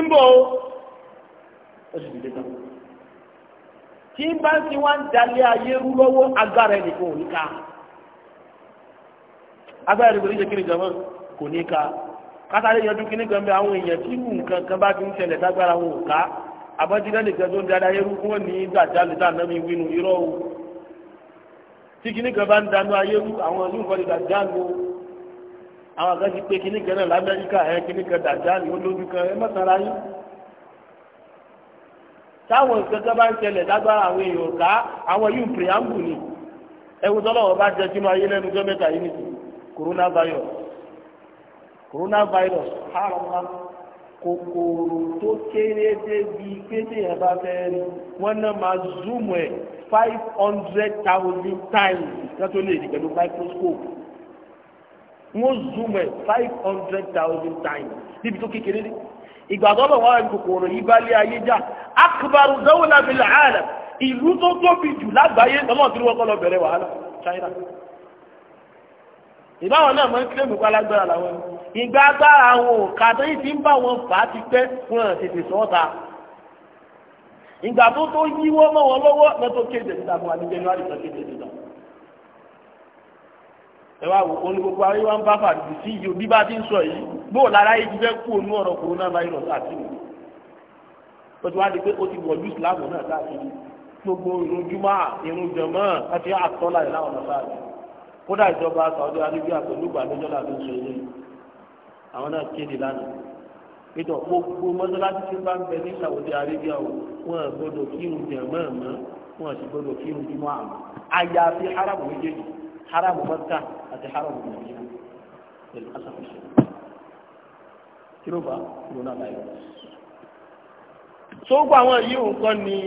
ń bọ̀ ó ó sì dìde bá ti wá ń dalẹ̀ ayé rú lọ́wọ́ agbára ní ká agbára ní kí ni jọmọ́ kò ní ká kátàlẹ́ yọdún kí gbẹ̀mbẹ̀ àwọn èèyàn tí àbájídá nìkan tó ń dada ayérú wọn ní gbàjálù tá ànábi wínú irọ́ o tí kìnnìkan bá ń danú ayérú àwọn yóò fọdí gbàjálù o àwọn kan ti pé kìnnìkan náà lamẹ́ríkà ẹ kìnnìkan dàjálù ó lójú kan ẹ mọ̀sára yín táwọn ìkẹ́kẹ́ bá ń ṣẹlẹ̀ lágbára àwọn èèyàn ká àwọn yóò pè á ń bù ni ẹwù tọ́lọ́wọ́ bá jẹ sínú ayé lẹ́nu jọ́ yìí nìyí coronavirus coronavirus kòkòrò tó kéré débi pé téèyàn bá wọ́n náà máa zoom ẹ̀ five hundred thousand times kí wọ́n tó lè rí pẹ̀lú microscope wọ́n zoom ẹ̀ five hundred thousand times níbi tó kékeré dé ìgbàgbọ́ bọ̀ wọ́n kòkòrò yìí bá lé ayé já akbaru dawla bil alam ìlú tó tóbi jù lágbàáyé lọ́mọ́ tí wọ́n kọ́ lọ bẹ̀rẹ̀ wàhálà China ìbáwọn náà máa ń kílèmù pa lágbára làwọn ìgbà agbára àwọn òkà tó yìí ti ń bá wọn fà á ti pẹ́ fún ọ̀nà tètè sọ́ọ̀ta ìgbà tó tó yíwọ́ mọ́ wọn lọ́wọ́ lọ́tọ́ kéde nígbà fún wa ní January tó kéde nígbà ẹ wá wò ó ní gbogbo ayé wa ń bá fàdùn sí iye bí bá ti ń sọ yìí gbóò lára yìí ti fẹ́ kú ònú ọ̀rọ̀ corona virus àti mi ó ti wá di pé ó ti wọ̀lú ìsìláàmù náà káàkiri gbogbo ìrújúmọ́ ìrújọmọ́ àti àtọ́lá ìlànà báyìí kódà ìjọba Saudi Arabia pẹ̀lú ìgbàlejò làbí sọ ilé àwọn náà kéde lánàá pété gbogbo mọ́sálásí tí bá ń bẹ ní Saudi Arabia o wọn gbọdọ̀ kírun jẹ mọ́ọ̀mọ́ wọn sì gbọdọ̀ kírun jùmọ̀ àmọ́ àyàfi haramu méjèèjì haramu mọ́ta àti haramu nàìjíríà pẹ̀lú asàkóso kí ló fà corona virus. sóògùn àwọn yìí nǹkan ni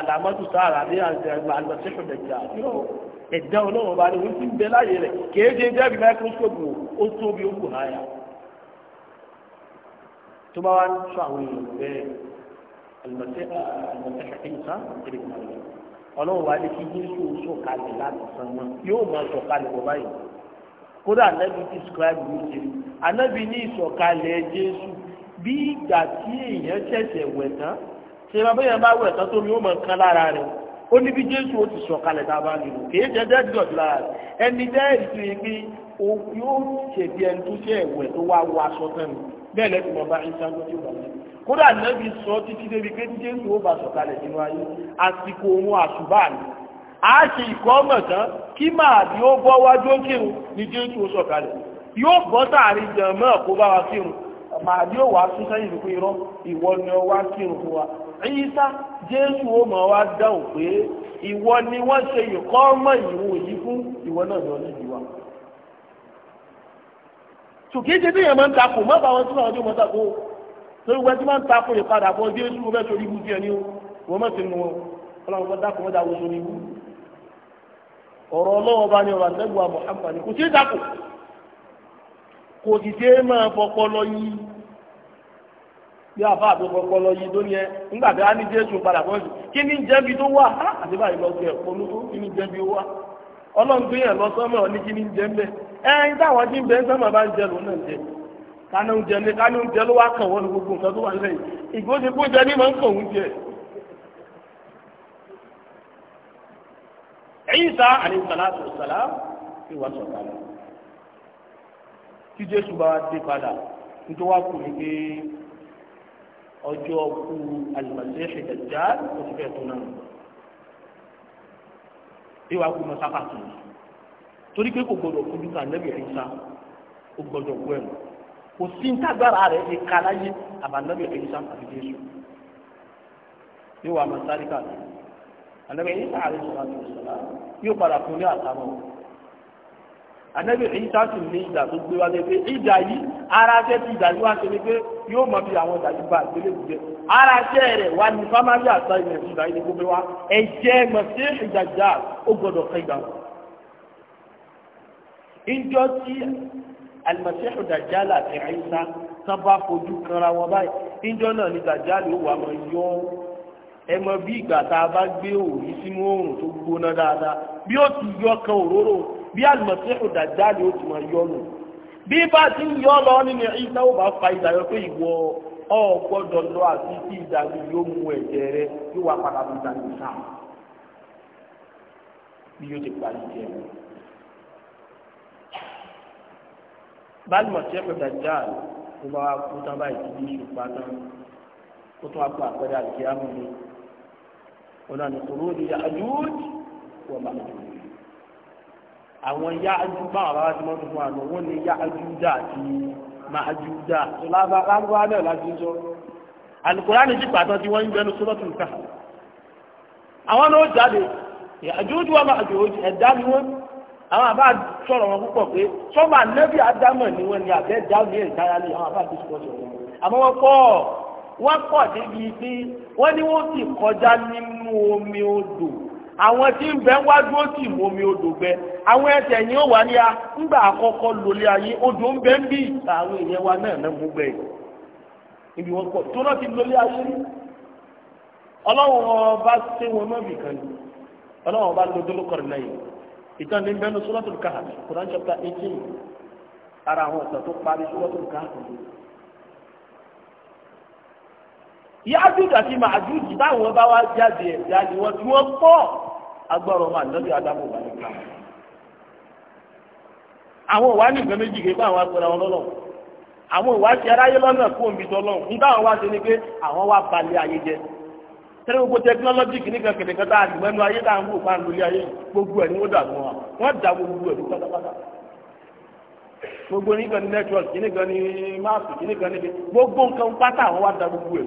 àlàmọ́tò sáà àbí àgbà àlọ́sẹ̀ṣọ̀ dẹ̀jà yóò ẹ̀dá ọlọ́run bá ní wọ́n ti ń bẹ láyé rẹ̀ kéèjé jẹ́bi máikróskópù ó tóbi ó kù náyà tó bá wá ń sọ àwọn èèyàn bẹ́ẹ̀ àlùmọ̀tẹ́ àkíyèsá kiri kan lọ ọlọ́run wá ní kí jésù sọ̀kalẹ̀ láti san wọn yóò máa sọ̀kalẹ̀ bọ̀ báyìí kódà anábì describe ló ṣe anábì ní ìsọ̀kalẹ̀ jésù bí ìgbà tí èèyàn ṣẹ̀ṣẹ̀ wẹ̀ tán ṣe máa bẹ́yàn bá wẹ̀ tán tómi ó máa kán lára rẹ̀ ó ní bí jésù ó ti sọ̀kalẹ̀ tá a bá nílò kì í ṣe dead god lára ẹni dẹ́ẹ̀rì tó yẹ pé yóò ṣèdí ẹni tó ṣe ẹ̀wẹ̀ tó wá wọ aṣọ tẹ́nu bẹ́ẹ̀ lẹ́tù bàbá ìṣàkóso tí ó bàbá kódà nẹ́bí sọ títí débi pé jésù ó bá sọ̀kalẹ̀ nínú ayé àsìkò òun àṣùbà ni a ṣe ìkọ́ ọmọ tán kí máa bí ó bọ́ wájú òkè òun ni jésù ó sọ̀kalẹ̀ yóò bọ́ sáàrin jẹ̀mọ́ wa kírun màá bí ó wàá Ìsá Jésù ó máa wá dáhùn pé ìwọ ni wọ́n ṣe ìkọ́ ọmọ ìwò yìí fún ìwọ náà lọ nídìí wa. Tùkì ṣe bí èèyàn máa ń takò má bàwọn tí wọ́n ti mọ̀ takò torí wọ́n ti máa ń takò ìpadà bọ́ Jésù mo fẹ́ sori ibú sí ẹni o wọ́n mọ̀ sí nu wọn ọlọ́run kọ́ dákò mọ́ta wo sori ibú. ọ̀rọ̀ ọlọ́wọ́ bá ní ọ̀rọ̀ àtẹ́gùn àmọ̀ àǹfààní kò sí takò kò sì tí àfa àtòkọ̀kọ̀ lọ yi tó yẹ ńgbàtí a ní jésù padà sí kí ní jẹ́bi tó wà á àti báyìí kí ní jẹ́bi wà ọlọ́run tó lọ sọ́mọ̀ ní kí ní jẹ́ mbẹ́ ẹ̀yìn táwọn tí ń bẹ sọ́mọ̀ bá ń jẹ náà jẹ kánú ń jẹ ní kánú ń jẹ ló wá kàn wọ́n ní gbogbo nǹkan tó wà nílẹ̀ yìí ọjọ́ ku alimasihi dajjal o ti fẹ́ tó náà ìwà kú masaka tó torí pé kò gbọdọ̀ fojú kan nẹ́bí ẹ̀yìnsá kò gbọdọ̀ kú ẹ̀mọ́ kò sí ní tágbára rẹ̀ ẹ̀ kala yé àbá nẹ́bí ẹ̀yìnsá àti jésù ìwà masarika anabi ẹ̀yìnsá àti sọ̀rọ̀ àti sọ̀rọ̀ yóò padà fún ní àtàwọn anabi ìta sì ní ìdá tó gbé wálé pé ìdá yìí ara ṣẹ́ ti ìdá yìí wá ṣe ni pé yóò mọ bí àwọn ìdá yìí bá àgbélé ìgbé ara ṣẹ́ rẹ̀ wá ní fámárì àṣà ilẹ̀ ìdá yìí ni gbogbo wa ẹ̀jẹ̀ mọ̀sí ìdàjà ó gbọ́dọ̀ fẹ́ ìgbà wọn. ìjọ tí alimọ̀síhù la àti àyíṣà tán bá fojú kanra wọn báyìí ìjọ náà ni dàjálà ó wà mọ́ yọ ẹ mọ bí ìgbà tá a bá gbé òòrì sínú oòrùn tó gbóná dáadáa bí ó ti yọ kan òróró bí àlùmọ̀síhù dàjáde ó ti máa yọ nù bí bá ti ń yọ lọ nínú ìṣá ó bá fa ìdájọ́ pé ìwọ ọ gbọ́dọ̀ lọ àti tí ìdàlú yóò mú ẹ̀jẹ̀ rẹ yóò wá padà bí ìdàlú sáà bí yóò ti parí jẹ rẹ. bí àlùmọ̀síhù dàjáde ó bá wá kú tán báyìí ti di ìṣùpá náà ó tún wá pa àpẹẹrẹ àlùkìyàmù ni ó náà ní kúrò wọ́n máa dùn àwọn yáájú báwọn bàbá ti mọ́tò fún àná wọ́n ní yáájú dà àti máájú dà tó lágbára náà láti ń sọ alukurani ti pàtó tí wọ́n ń gbẹnu sọ́dọ̀tù nǹkan àwọn náà jáde yáájú wa máájú ẹ̀dá ni wọ́n àwọn àbá sọ̀rọ̀ wọn púpọ̀ pé sọ́mà nẹ́bí ádámọ̀ ni wọ́n ní àbẹ́ dáhùn ní ìdáyà ní àwọn àbá discourse wọn àmọ́ wọ́n kọ́ wọ́n kọ̀ débi pé wọ́n ní wọ́n ti kọjá nínú omi odò àwọn tí ń bẹ ń wájú odò gbẹ àwọn ẹsẹ̀ yìí ó wà ní a ńgbà àkọ́kọ́ lólé ayé odò ń bẹ ń bí àwọn wa náà náà mú gbẹ ibi wọn pọ̀ tó náà ti lólé ayé rí ọlọ́run ọba ṣé wọn náà bì kan ọlọ́run ọba ló kọrin náà yìí ìtàn ní chapter eighteen ara àwọn ọ̀sán tó parí jáde ẹ̀ jáde wọn tí agbára ọmọ àdọ́jọ́ adamu wà ní káwọn. àwọn ìwà nìkan méjì kì í bá àwọn agbára wọn lọ́lọ́ àwọn ìwà ti aráyé lọ́nà kó omi tọ́ nígbà wọn wá sí pé àwọn wá balẹ̀ ayé jẹ tẹ́lẹ̀ gbogbo tẹkinọ́lọ́jì kìnnìkan kìnnìkan tá a dùn mẹ́nu ayé tá a ń bò pa ayé gbogbo ẹ̀ ni dà wọn wọ́n dà gbogbo ẹ̀ pátápátá gbogbo nígbà ní network kìnnìkan ní máàpù kìnnìkan níbi gbogbo nǹkan pátá àwọn wá dà gbogbo ẹ̀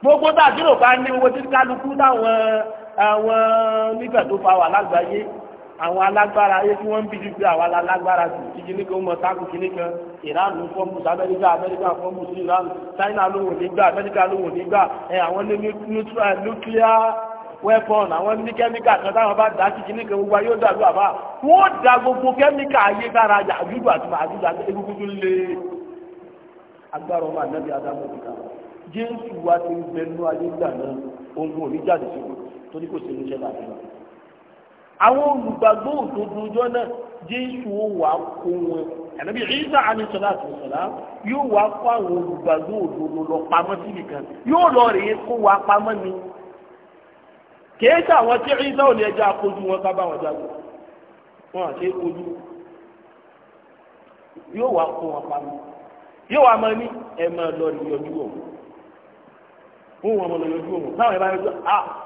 gbogbo tá a dúró bá ní owó tí kálukú táwọn àwọn nígbà tó fa wà lágbàáyé àwọn alágbára ayé tí wọ́n ń bí ju pé àwa la lágbára jù kíkí ní kan mọ táàkù kíní kan ìránù fọ́ọ̀mù amẹ́ríkà amẹ́ríkà fọ́ọ̀mù sí ìránù china lóhùn nígbà amẹ́ríkà lóhùn nígbà ẹ àwọn ní nuclear weapon àwọn ní kẹ́míkà kan táwọn bá dá kíkí ní kan gbogbo ayé ó dàlú àbá wọ́n da gbogbo kẹ́míkà ayé dára yà àdúgbò àti màdúgbò àti egungun tó lé agbára ọmọ ànábì adámọ̀ jésù wa ti ń bẹnu ayé gbà náà ohun òní jáde sí wọn torí kò sí irúṣẹ́ bàbá náà àwọn olùgbàgbọ́ òdodo ọjọ́ náà jésù ó wà kó wọn ànábì ìsá àmísọlá àtúnṣọlá yóò wà kó àwọn olùgbàgbọ́ òdodo lọ pamọ́ síbi kan yóò lọ rèé kó wà pamọ́ ni kèé sí àwọn tí ìsá ò ní ẹjọ́ àkójú wọn ká bá wọn jáde wọn àti kojú yóò wà kó wọn pamọ́ yóò wà máa ní ẹ máa lọ rí yọjú òun fún wọn máa lọ yọjú òun táwọn ẹ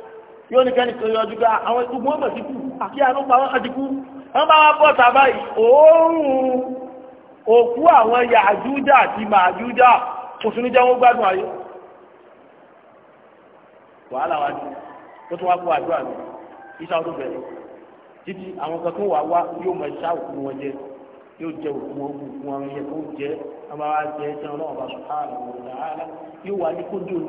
yóò ní kẹ́ni kan yọjú pé àwọn ikú gbọ́n bẹ̀sí kú àti àánú pa wọ́n ti kú wọ́n bá wá bọ̀ tàbá òórùn òkú àwọn yàjújà àti màjújà kò jẹ́ wọ́n gbádùn ayé wàhálà wa ni ó tún wá kó títí àwọn kan tó wà wá yóò mọ iṣẹ́ òkú wọn jẹ yóò jẹ òkú wọn òkú wọn yẹ kó jẹ wa jẹ ẹjẹ ọlọ́run bá káàlà wọn yóò wá ní kó dùn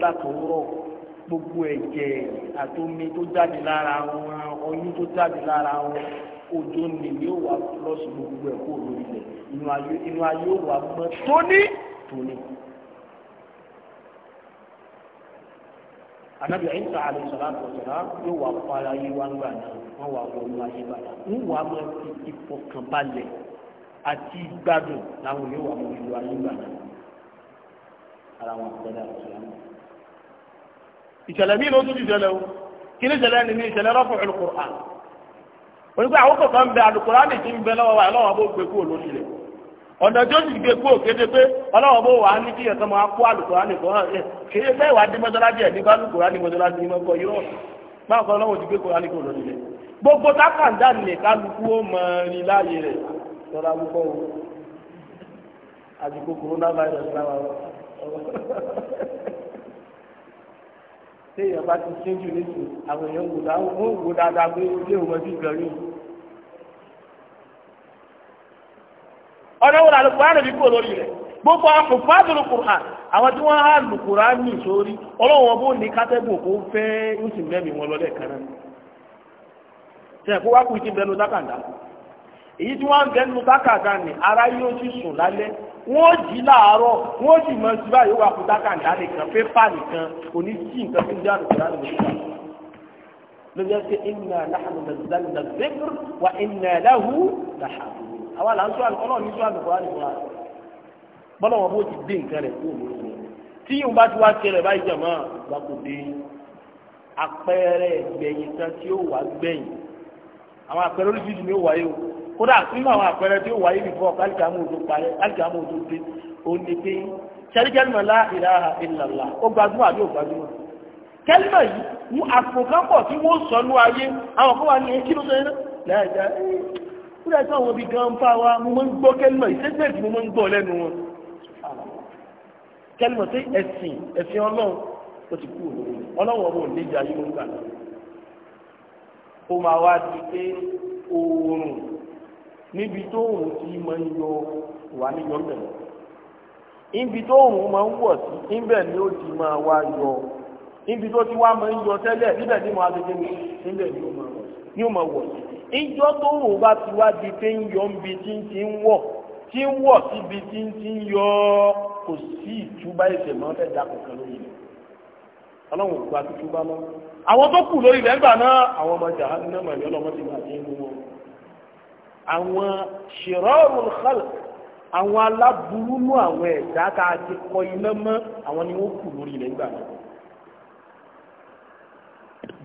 gbogbo ẹ̀jẹ̀ àtomi tó jáde lára wọn ọyún tó jáde lára wọn òjò ni yóò wá lọ́sù gbogbo ẹ̀ kó lórí ilẹ̀ inú ayé inú ayé ó wà mọ́ tóní tóní. anabi ayisa alayisalaatu wasalaam yóò wá para ayé wa ńgbà náà wọn wà wọnú ayé bàtà ń wà mọ ìfọkànbalẹ̀ àti gbádùn làwọn yóò wà mọ ìlú ayé gbà náà ara wọn àgbẹ̀dẹ àti ìyá náà ìṣẹ̀lẹ̀ míì ló tún ti ṣẹlẹ̀ o kí ni ìṣẹ̀lẹ̀ ni mi ìṣẹ̀lẹ̀ rọ́pò ìlùkùrán onígbà àwọn kọ̀ọ̀kan bẹ àlùkùrán nìjí ń bẹ lọ́wọ́ wa ọlọ́wọ́ bó gbé kúrò lórí rẹ̀ ọ̀nà tí ó sì gbé kúrò kété pé ọlọ́wọ́ bó wà á ní kí ẹ̀sán máa kó àlùkùrán nìkan hàn ẹ̀ kì í fẹ́ ìwà dímọ́tọ́lájì ẹ̀ nígbà àlùkùrán nímọ́tọ́lájì ní mọ́kọ irọ́ báwọn kan ọlọ́wọ́ ti gbé kúrò lórí rẹ̀ gbogbo tákàndá nìyẹn kálukú ó mọ rí láàyè rẹ̀ lọ́la púpọ̀ o àdìgbò coronavirus náà wà téèyàn bá ti ṣéjú nísìnyí àwọn èèyàn wò dáa ó wò dáadáa pé ilé òun ọdún ìgbà rí. ọ̀nà wo làlùkò á lòdì kúrò lórí rẹ̀ gbogbo àfùfá àdúró kùrà àwọn tí wọ́n á lù kùrà ní ọlọ́run ní kátẹ́gùn kó fẹ́ ó sì mẹ́mìí wọn wọ́n jí láàárọ̀ wọ́n sì mọ̀ sí báyìí wà fún dákàndá nìkan pépà nìkan kò ní sí nǹkan tó ń jáde kúrò láti wọ́n sọ. ló jẹ́ pé inna nahnu nazzalna dhikr wa inna lahu lahafidh. àwa là ń sọ àlùkò náà ní sọ àlùkò àlùkò àlùkò. bọ́lá wọn bó ti dé nǹkan rẹ̀ kú òmùrù rẹ̀. tí yóò bá ti wá kẹrẹ̀ báyìí jẹ̀ mọ́ kò dé àpẹẹrẹ gbẹ̀yìn kan tí ó wà gbẹ̀yìn àwọn àpẹẹrẹ olùsíjì ni ó wáyé o kódà nínú àwọn àpẹẹrẹ tí ó wáyé before kálíkàmù òdo parẹ́ kálíkàmù òdo dé ó ní pé sẹ́ríkẹ́lìmọ̀ lá ìlàhà ìlàlá ó gbajúmọ̀ àbí ò gbajúmọ̀ kẹ́lìmọ̀ yìí mú àpò kan pọ̀ tí wọ́n sọ ní ayé àwọn kan wà ní kí ló sọ yẹn náà láìjá kúrẹ́ tí àwọn ibi gan fà wá mo máa ń gbọ́ kẹ́lìmọ̀ yìí sẹ́gbẹ̀ẹ́ tí mo máa ń gbọ́ lẹ́nu wọn kẹ́lìmọ̀ ti kú ọlọ́run ọmọ òdíjà yìí ló ń gbà ó máa oòrùn níbi tó òun ti máa ń wà níyọ ń bẹ̀rẹ̀ níbi tó òun máa ń wọ̀ sí níbẹ̀ ni ó ti máa wá yọ níbi tó ti wá máa ń yọ tẹ́lẹ̀ níbẹ̀ ni màá tètè mi níbẹ̀ ni ó máa wọ̀ ni ó máa wọ̀ sí ìjọ tó òun bá ti wá di pé ń yọ níbi tí ń ti ń wọ̀ tí ń wọ̀ síbi tí ń ti ń yọ kò sí ìtúbá ẹsẹ̀ máa fẹ́ da kankan lórí ọlọ́run ò gba tuntun bá mọ́ àwọn tó kù lórí rẹ̀ ńgbà náà àwọn ọmọ jàhánnámà ní ọlọ́mọ ti máa ti ń mú wọn àwọn ṣèrọ́rùn khalq àwọn aláburú nú àwọn ẹ̀dá tá a ti kọ iná mọ́ àwọn ni wọ́n kù lórí ilẹ̀ nígbà náà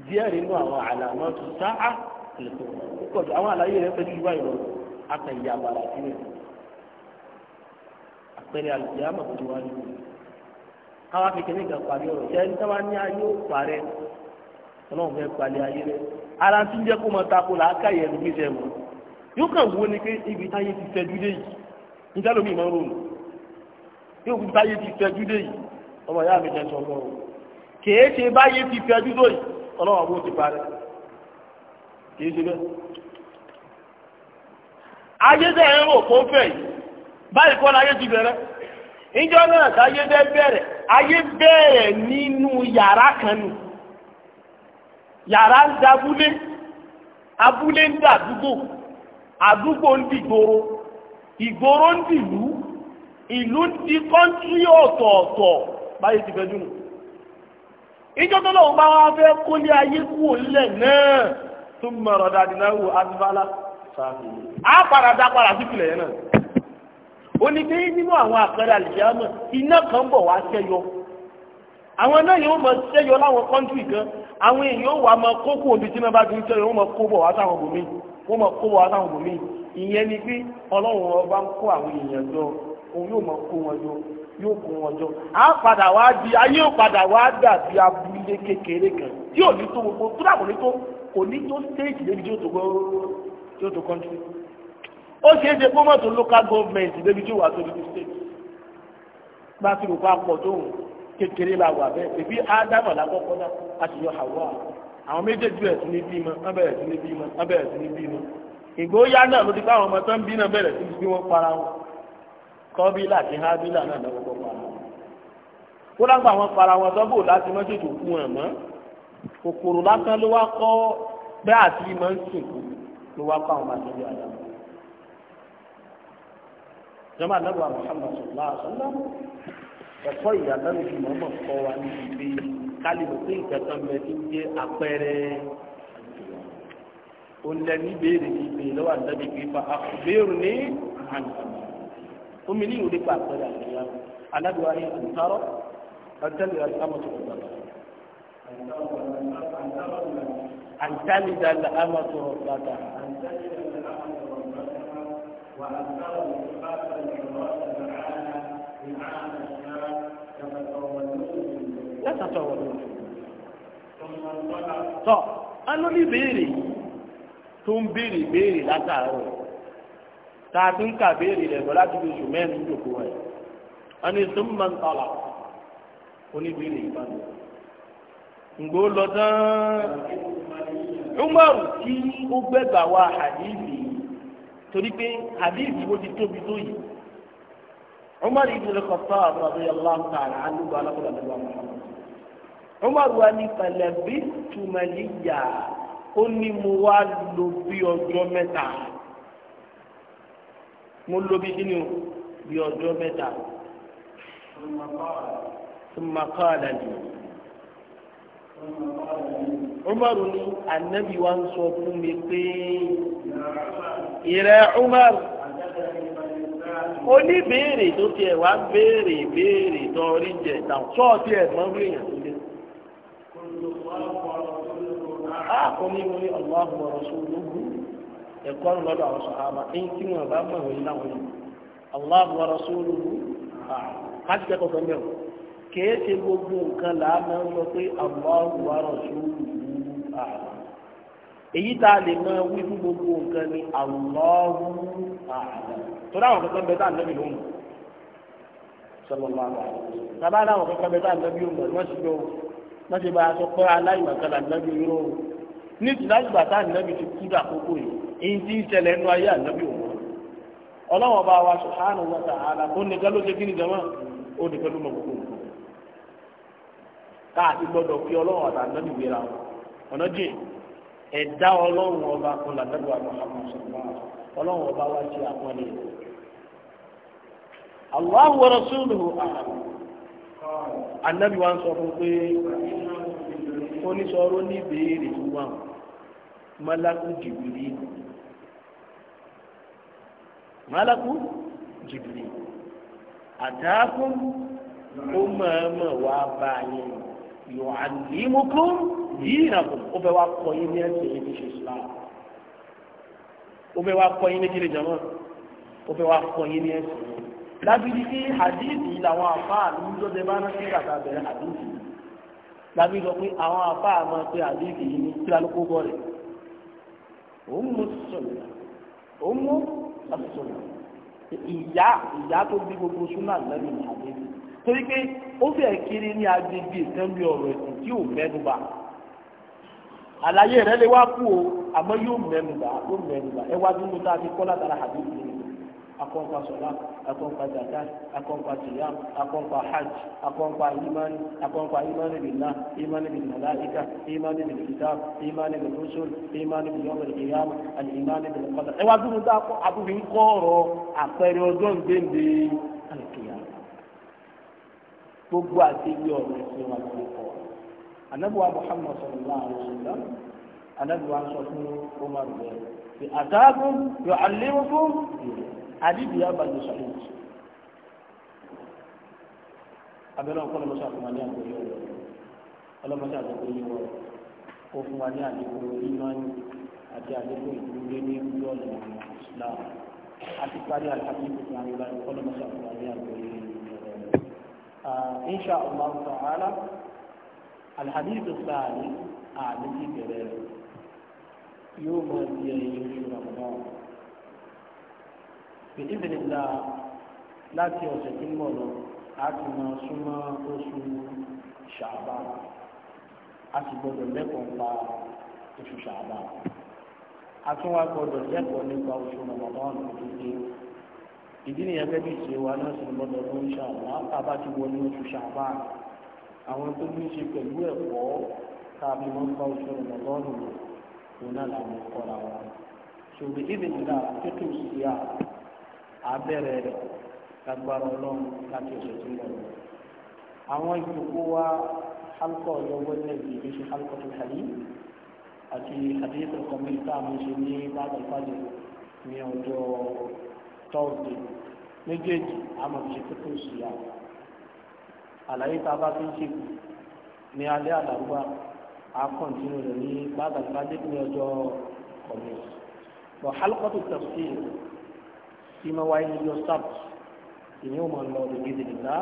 díẹ̀ nínú àwọn àlàmọ́ tó sáà lẹ́tọ̀ púpọ̀ jù àwọn àlàyé rẹ̀ pẹ̀lú ìwà ìrọ̀ akẹ̀yà bàrà sílẹ̀ àpẹẹrẹ àlùfíàmọ̀ tó wà nínú káwá fi kẹ́míkà parí ọ̀rọ̀ ṣẹ́ ní ní ayé ó parẹ́ ọlọ́run fẹ́ palẹ̀ ayé rẹ̀ ara tí ń jẹ́ kó mọ yóò kàn wo ni pé ibi táyé ti fẹ́ dúdé yìí níta lómi ìmọ̀ yóò táyé ti fẹ́ dúdé yìí ọmọ ìyá mi jẹ́ sọ mọ́ kèé ṣe báyé ti fẹ́ dúdó yìí ọlọ́wọ́ ti parẹ́ kèé ṣe bẹ́ẹ̀. ayé dẹ́ ẹ̀rọ kó fẹ́ yìí báyìí kọ́ láyé ti bẹ̀rẹ̀ ìjọ náà táyé dẹ́ bẹ̀rẹ̀ ayé bẹ̀rẹ̀ nínú yàrá kan àdúgbò ń dìgboro ìgboro ń dìlú ìlú ń di kọ́ńtírì ọ̀tọ̀ọ̀tọ̀ báyìí ti fẹ́ dùn ìjọ tó lọ́wọ́ bá wá fẹ́ kó lé ayé kúrò lẹ̀ náà tó mọ̀rọ̀ dàdínáwó adúbálá sáàmì á padà dá padà sípìlẹ̀ yẹn náà ó ní pé nínú àwọn àpẹẹrẹ àlìjáàmọ̀ iná kan bọ̀ wá ṣẹ́yọ àwọn náà yóò mọ ṣẹ́yọ láwọn kọ́ńtì kan àwọn èèyàn wà mọ kókó òbí tí wọ́n bá ti ń ṣẹ́yọ wọ́n mọ kó bọ̀ wá sáwọn bòmíì wọ́n máa kó wa láwọn bòmí ìyẹn ni pé ọlọ́run ọba ń kó àwọn èèyàn jọ òun yóò máa kó wọn jọ yóò kó wọn jọ á padà wá di ayé ò padà wá dàbí abúlé kékeré kan tí ò ní tó gbogbo tó dàbọ̀ ní tó kò ní tó stage débi tí ó tó gbọ́ tí ó tó country ó ṣeé ṣe kó mọ̀tò local government débi tí ó wà tóbi tó state bá ti rò pa pọ̀ tó kékeré la wà bẹ́ẹ̀ bèbí ádámọ̀ lákọ́kọ́ náà a sì yọ àwọ̀ àwọn àwọn méjèèjì bẹ̀rẹ̀ sí ní bímọ wọ́n bẹ̀rẹ̀ sí ní bímọ wọ́n bẹ̀rẹ̀ sí ní bímọ ìgbóyà náà ló ti ká àwọn ọmọ tó ń bí náà bẹ̀rẹ̀ sí ní bí wọ́n para wọn kọ́bílà àti hábílà náà lọ́wọ́ tó para wọn kó lágbà wọn para wọn tó bò láti mọ́ tètè kú wọn mọ́ kòkòrò lásán ló wá kọ́ bẹ́ẹ̀ àti ìmọ̀ ń sìnkú ló wá kọ́ àwọn àti ìyá àdámọ́ jọba anábọ̀ Muhammad sallallahu alaihi wasallam ẹ̀kọ́ ìyá lẹ́nu ìmọ̀ mọ̀ kọ́ wa ní ibi kálíwò pé ìkẹtàn mẹ ti ń jẹ àpẹẹrẹ olùlẹ́ni béèrè ní ìbéèrè lọ́wọ́ àdájọ́ ìgbéfa àkùbéèrè ní àná omi ní ìwé nípa àpẹẹrẹ àlùyá aládùúgbò ayé àǹtárọ̀ àtẹ́lẹ̀ àmọ̀tò ọ̀gbà àǹtálídàlà àmọ̀tò ọ̀gbà àǹtálídàlà àmọ̀tò ọ̀gbà asátọ̀ tọ́ tó ń látàárọ̀ ń kà láti mẹ́rin jòkó ẹ̀ ẹni tó ń máa ń tọ́lá ìbánu Umar wa ni pẹlẹbi tumaliya ó ní mo wá lò bí ọjọ́ mẹ́ta mo lò bí kíni o bí ọjọ́ mẹ́ta sumakala ni Umar ni anabi wa ń sọ fún mi pé ìrẹ Umar oníbèrè tó tiẹ̀ wá béèrè béèrè tó rí jẹ̀ tà sọ́ọ̀tì ẹ̀ mọ́rú èèyàn. àkọ́lé wọn ní Allahu wa rasuluhu ẹ̀kọ́ ń lọ́dọ̀ àwọn sàhábà ẹ̀yìn tí wọn bá mọ̀ wọ̀nyí láwọn yìí Allahu wa rasuluhu àti kẹ́kọ̀ọ́ kan mẹ́wọ̀ kìí ṣe gbogbo nǹkan làámọ́ ń lọ pé Allahu èyí tá a lè mọ gbogbo nǹkan ni Allahu tó dáwọn kankan bẹ tá a lẹ́bi lóhùn sọlọ́lá àbá dáwọn kankan tá a lóhùn ti ti lóhùn. ní ìtìlágbà tá ànábì ti kú dàkókò yìí èyí tí ń ṣẹlẹ̀ ẹnu ayé ànábì òun ọlọ́wọ́n bá wa ó ní ṣe kí ni jama ó ní kálọ́ mọ̀ kókó nǹkan káàdì gbọ́dọ̀ kí ọlọ́wọ́n àti ànábì wéra ọ̀nà ẹ̀dá ọlọ́wọ́n ọba kan ọlọ́wọ́n ọba wa ṣe anábì wa ń sọ fún pé oníṣòro ní ìbéèrè tó wà malaku jìbìrì malaku jìbìrì àtàkùn ó mọ̀ọ́mọ̀ wá bá yẹn yóò àlímùkún yìí nàkùn ó fẹ́ wá kọ́ yín ní ẹ̀sìn yìí ní ṣe islam ó fẹ́ wá kọ́ yín ní kíni jama ó fẹ́ wá kọ́ yín ní ẹ̀sìn yìí lábìlí kí hadithi làwọn àfáà ní lóde bá rántí kàtà bẹ̀rẹ̀ hadithi lábìlí lọ pé àwọn àfáà máa pe hadithi yìí ní kíra ló kó bọ́ rẹ̀ òun mú sọ̀rọ̀ òun mú sọ̀rọ̀ ìyá ìyá tó bí gbogbo súnà lẹ́nu hadithi torí pé ó fẹ́ kiri ní agbègbè ìtẹ́ńbí ọ̀rọ̀ ẹ̀sìn tí ò mẹ́nu bá àlàyé rẹ̀ lè wá kú o àmọ́ yóò mẹ́nu bá yóò mẹ́nu bá ẹ wá dúró tá a ti kọ́ látara hadithi akọ́npa sọ̀lá akọ́npa zaka akọ́npa tìyàm akọ́npa hajj akọ́npa imani akọ́npa imani billah imani bil malaika imani bil kitab imani bil rusul imani bil yawm al qiyam al imani bil qadar ẹ wá dúró dá kó àbúrò ń kọ́ ọ̀rọ̀ àpẹẹrẹ ọjọ́ ìgbéǹde àlùkìyà gbogbo àti ilé ọ̀rọ̀ ìsìn wa ló kọ́ muhammad sallallahu alaihi wa sallam anabuwa sọ fún umar bẹ́ẹ̀ fi àtàkùn yọ àléwọ́ fún hadith ya bani sahih abẹ́rẹ́ ọ̀pọ̀ lọ́mọ́sá fún wa ní àgbóyé ọ̀rọ̀ ọlọ́mọ́sá àgbóyé ọ̀rọ̀ ó fún wa ní àdínkù ìmánì àti àdínkù ìdúró ní ìlú ọ̀nà Islam àti parí àdínkù fún àwọn ìlànà ọlọ́mọ́sá fún wa ní àgbóyé ọ̀rọ̀ insha Allah ta'ala alhadith sáàlì àdínkù bẹ̀rẹ̀ yóò mọ̀ bí ẹ̀yìn oṣù Ramadan bìtìbìlìlà láti ọ̀sẹ̀ tí ń bọ̀ lọ a ti máa súnmọ́ oṣù ṣàbá a sì gbọdọ̀ lẹ́kọ̀ọ́ nípa oṣù ṣàbá a tún wá gbọdọ̀ lẹ́kọ̀ọ́ nípa oṣù Ramadan òdòdó ìdí nìyẹn gẹ́gẹ́ bí ìṣe wa náà sì ń gbọdọ̀ lọ ń ṣàbá tá a bá ti wọlé oṣù ṣàbá àwọn tó ní ṣe pẹ̀lú ẹ̀kọ́ tá fi máa ń bá oṣù Ramadan òdòdó òun náà làwọn kọ́ra wa ṣòwò ìdí nìyẹn tó tó ṣe abẹ́rẹ́ rẹ̀ kagbara ọlọ́run láti oṣù tó lọ. àwọn ìjòkó wa halkọ ọyọwọ lẹbi ìlú ṣe halkọ tó kàlí àti àdéhùn kọmíńtà mi ṣe ní bàbá ìpàdé ní ọjọ́ tọọdẹ méjèèjì amọ̀bìṣe tó kù sí ya àlàyé tá a bá fi ń ṣègùn ní alẹ́ àdàgbà akọ̀ntínú rẹ̀ ní bàbá ìpàdé ní ọjọ́ kọmíńtà. bọ̀ halkọ tó tẹ̀síì tí máa wáyé ní ọjọ́ sábà ìyẹn ò máa lọ òdòdó ìdìbò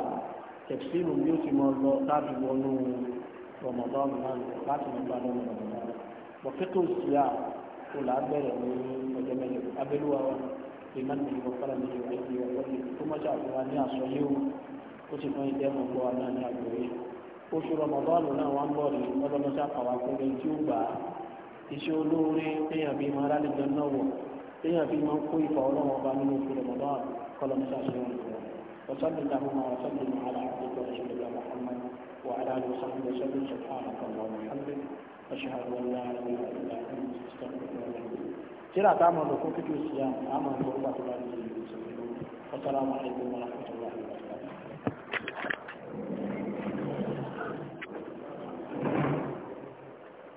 tẹ̀síìlù ni ó ti máa lọ láti wọnú Ramadan náà láti máa bá lọ́nà Ramadan bọ̀kẹ́tò síyà kò là á bẹ̀rẹ̀ ní ọjọ́ mẹ́lẹ̀ abẹ́lúwa wa ìmọ̀ ní ìwọ fọlá ní ìwọ ìdí ìwọ ìdí tó má ṣàfihàn ní àsọyé o ó ti fún ìdẹ́mọ̀ gbọ́ wa náà ní àgbèrè oṣù Ramadan náà wà ń bọ̀ ní ọlọ́mọṣà kàwá kúrẹ́ tí ó gbà á iṣẹ́ olóore téèyàn bíi máa rálẹ̀ jẹun náà wọ̀ téèyàn fi máa ń kó ìfọ̀ ọlọ́wọ́ ọba nínú oṣù rẹ̀mọ́dá kọlọ̀ ní wọn اللهم وسلم على عبدك ورسولك محمد وعلى اله وصحبه وسلم سبحانك اللهم وبحمدك اشهد ان لا اله الا انت استغفرك واتوب اليك. ترى تعمل حقوق الاسلام عمل حقوق الله والسلام عليكم ورحمه الله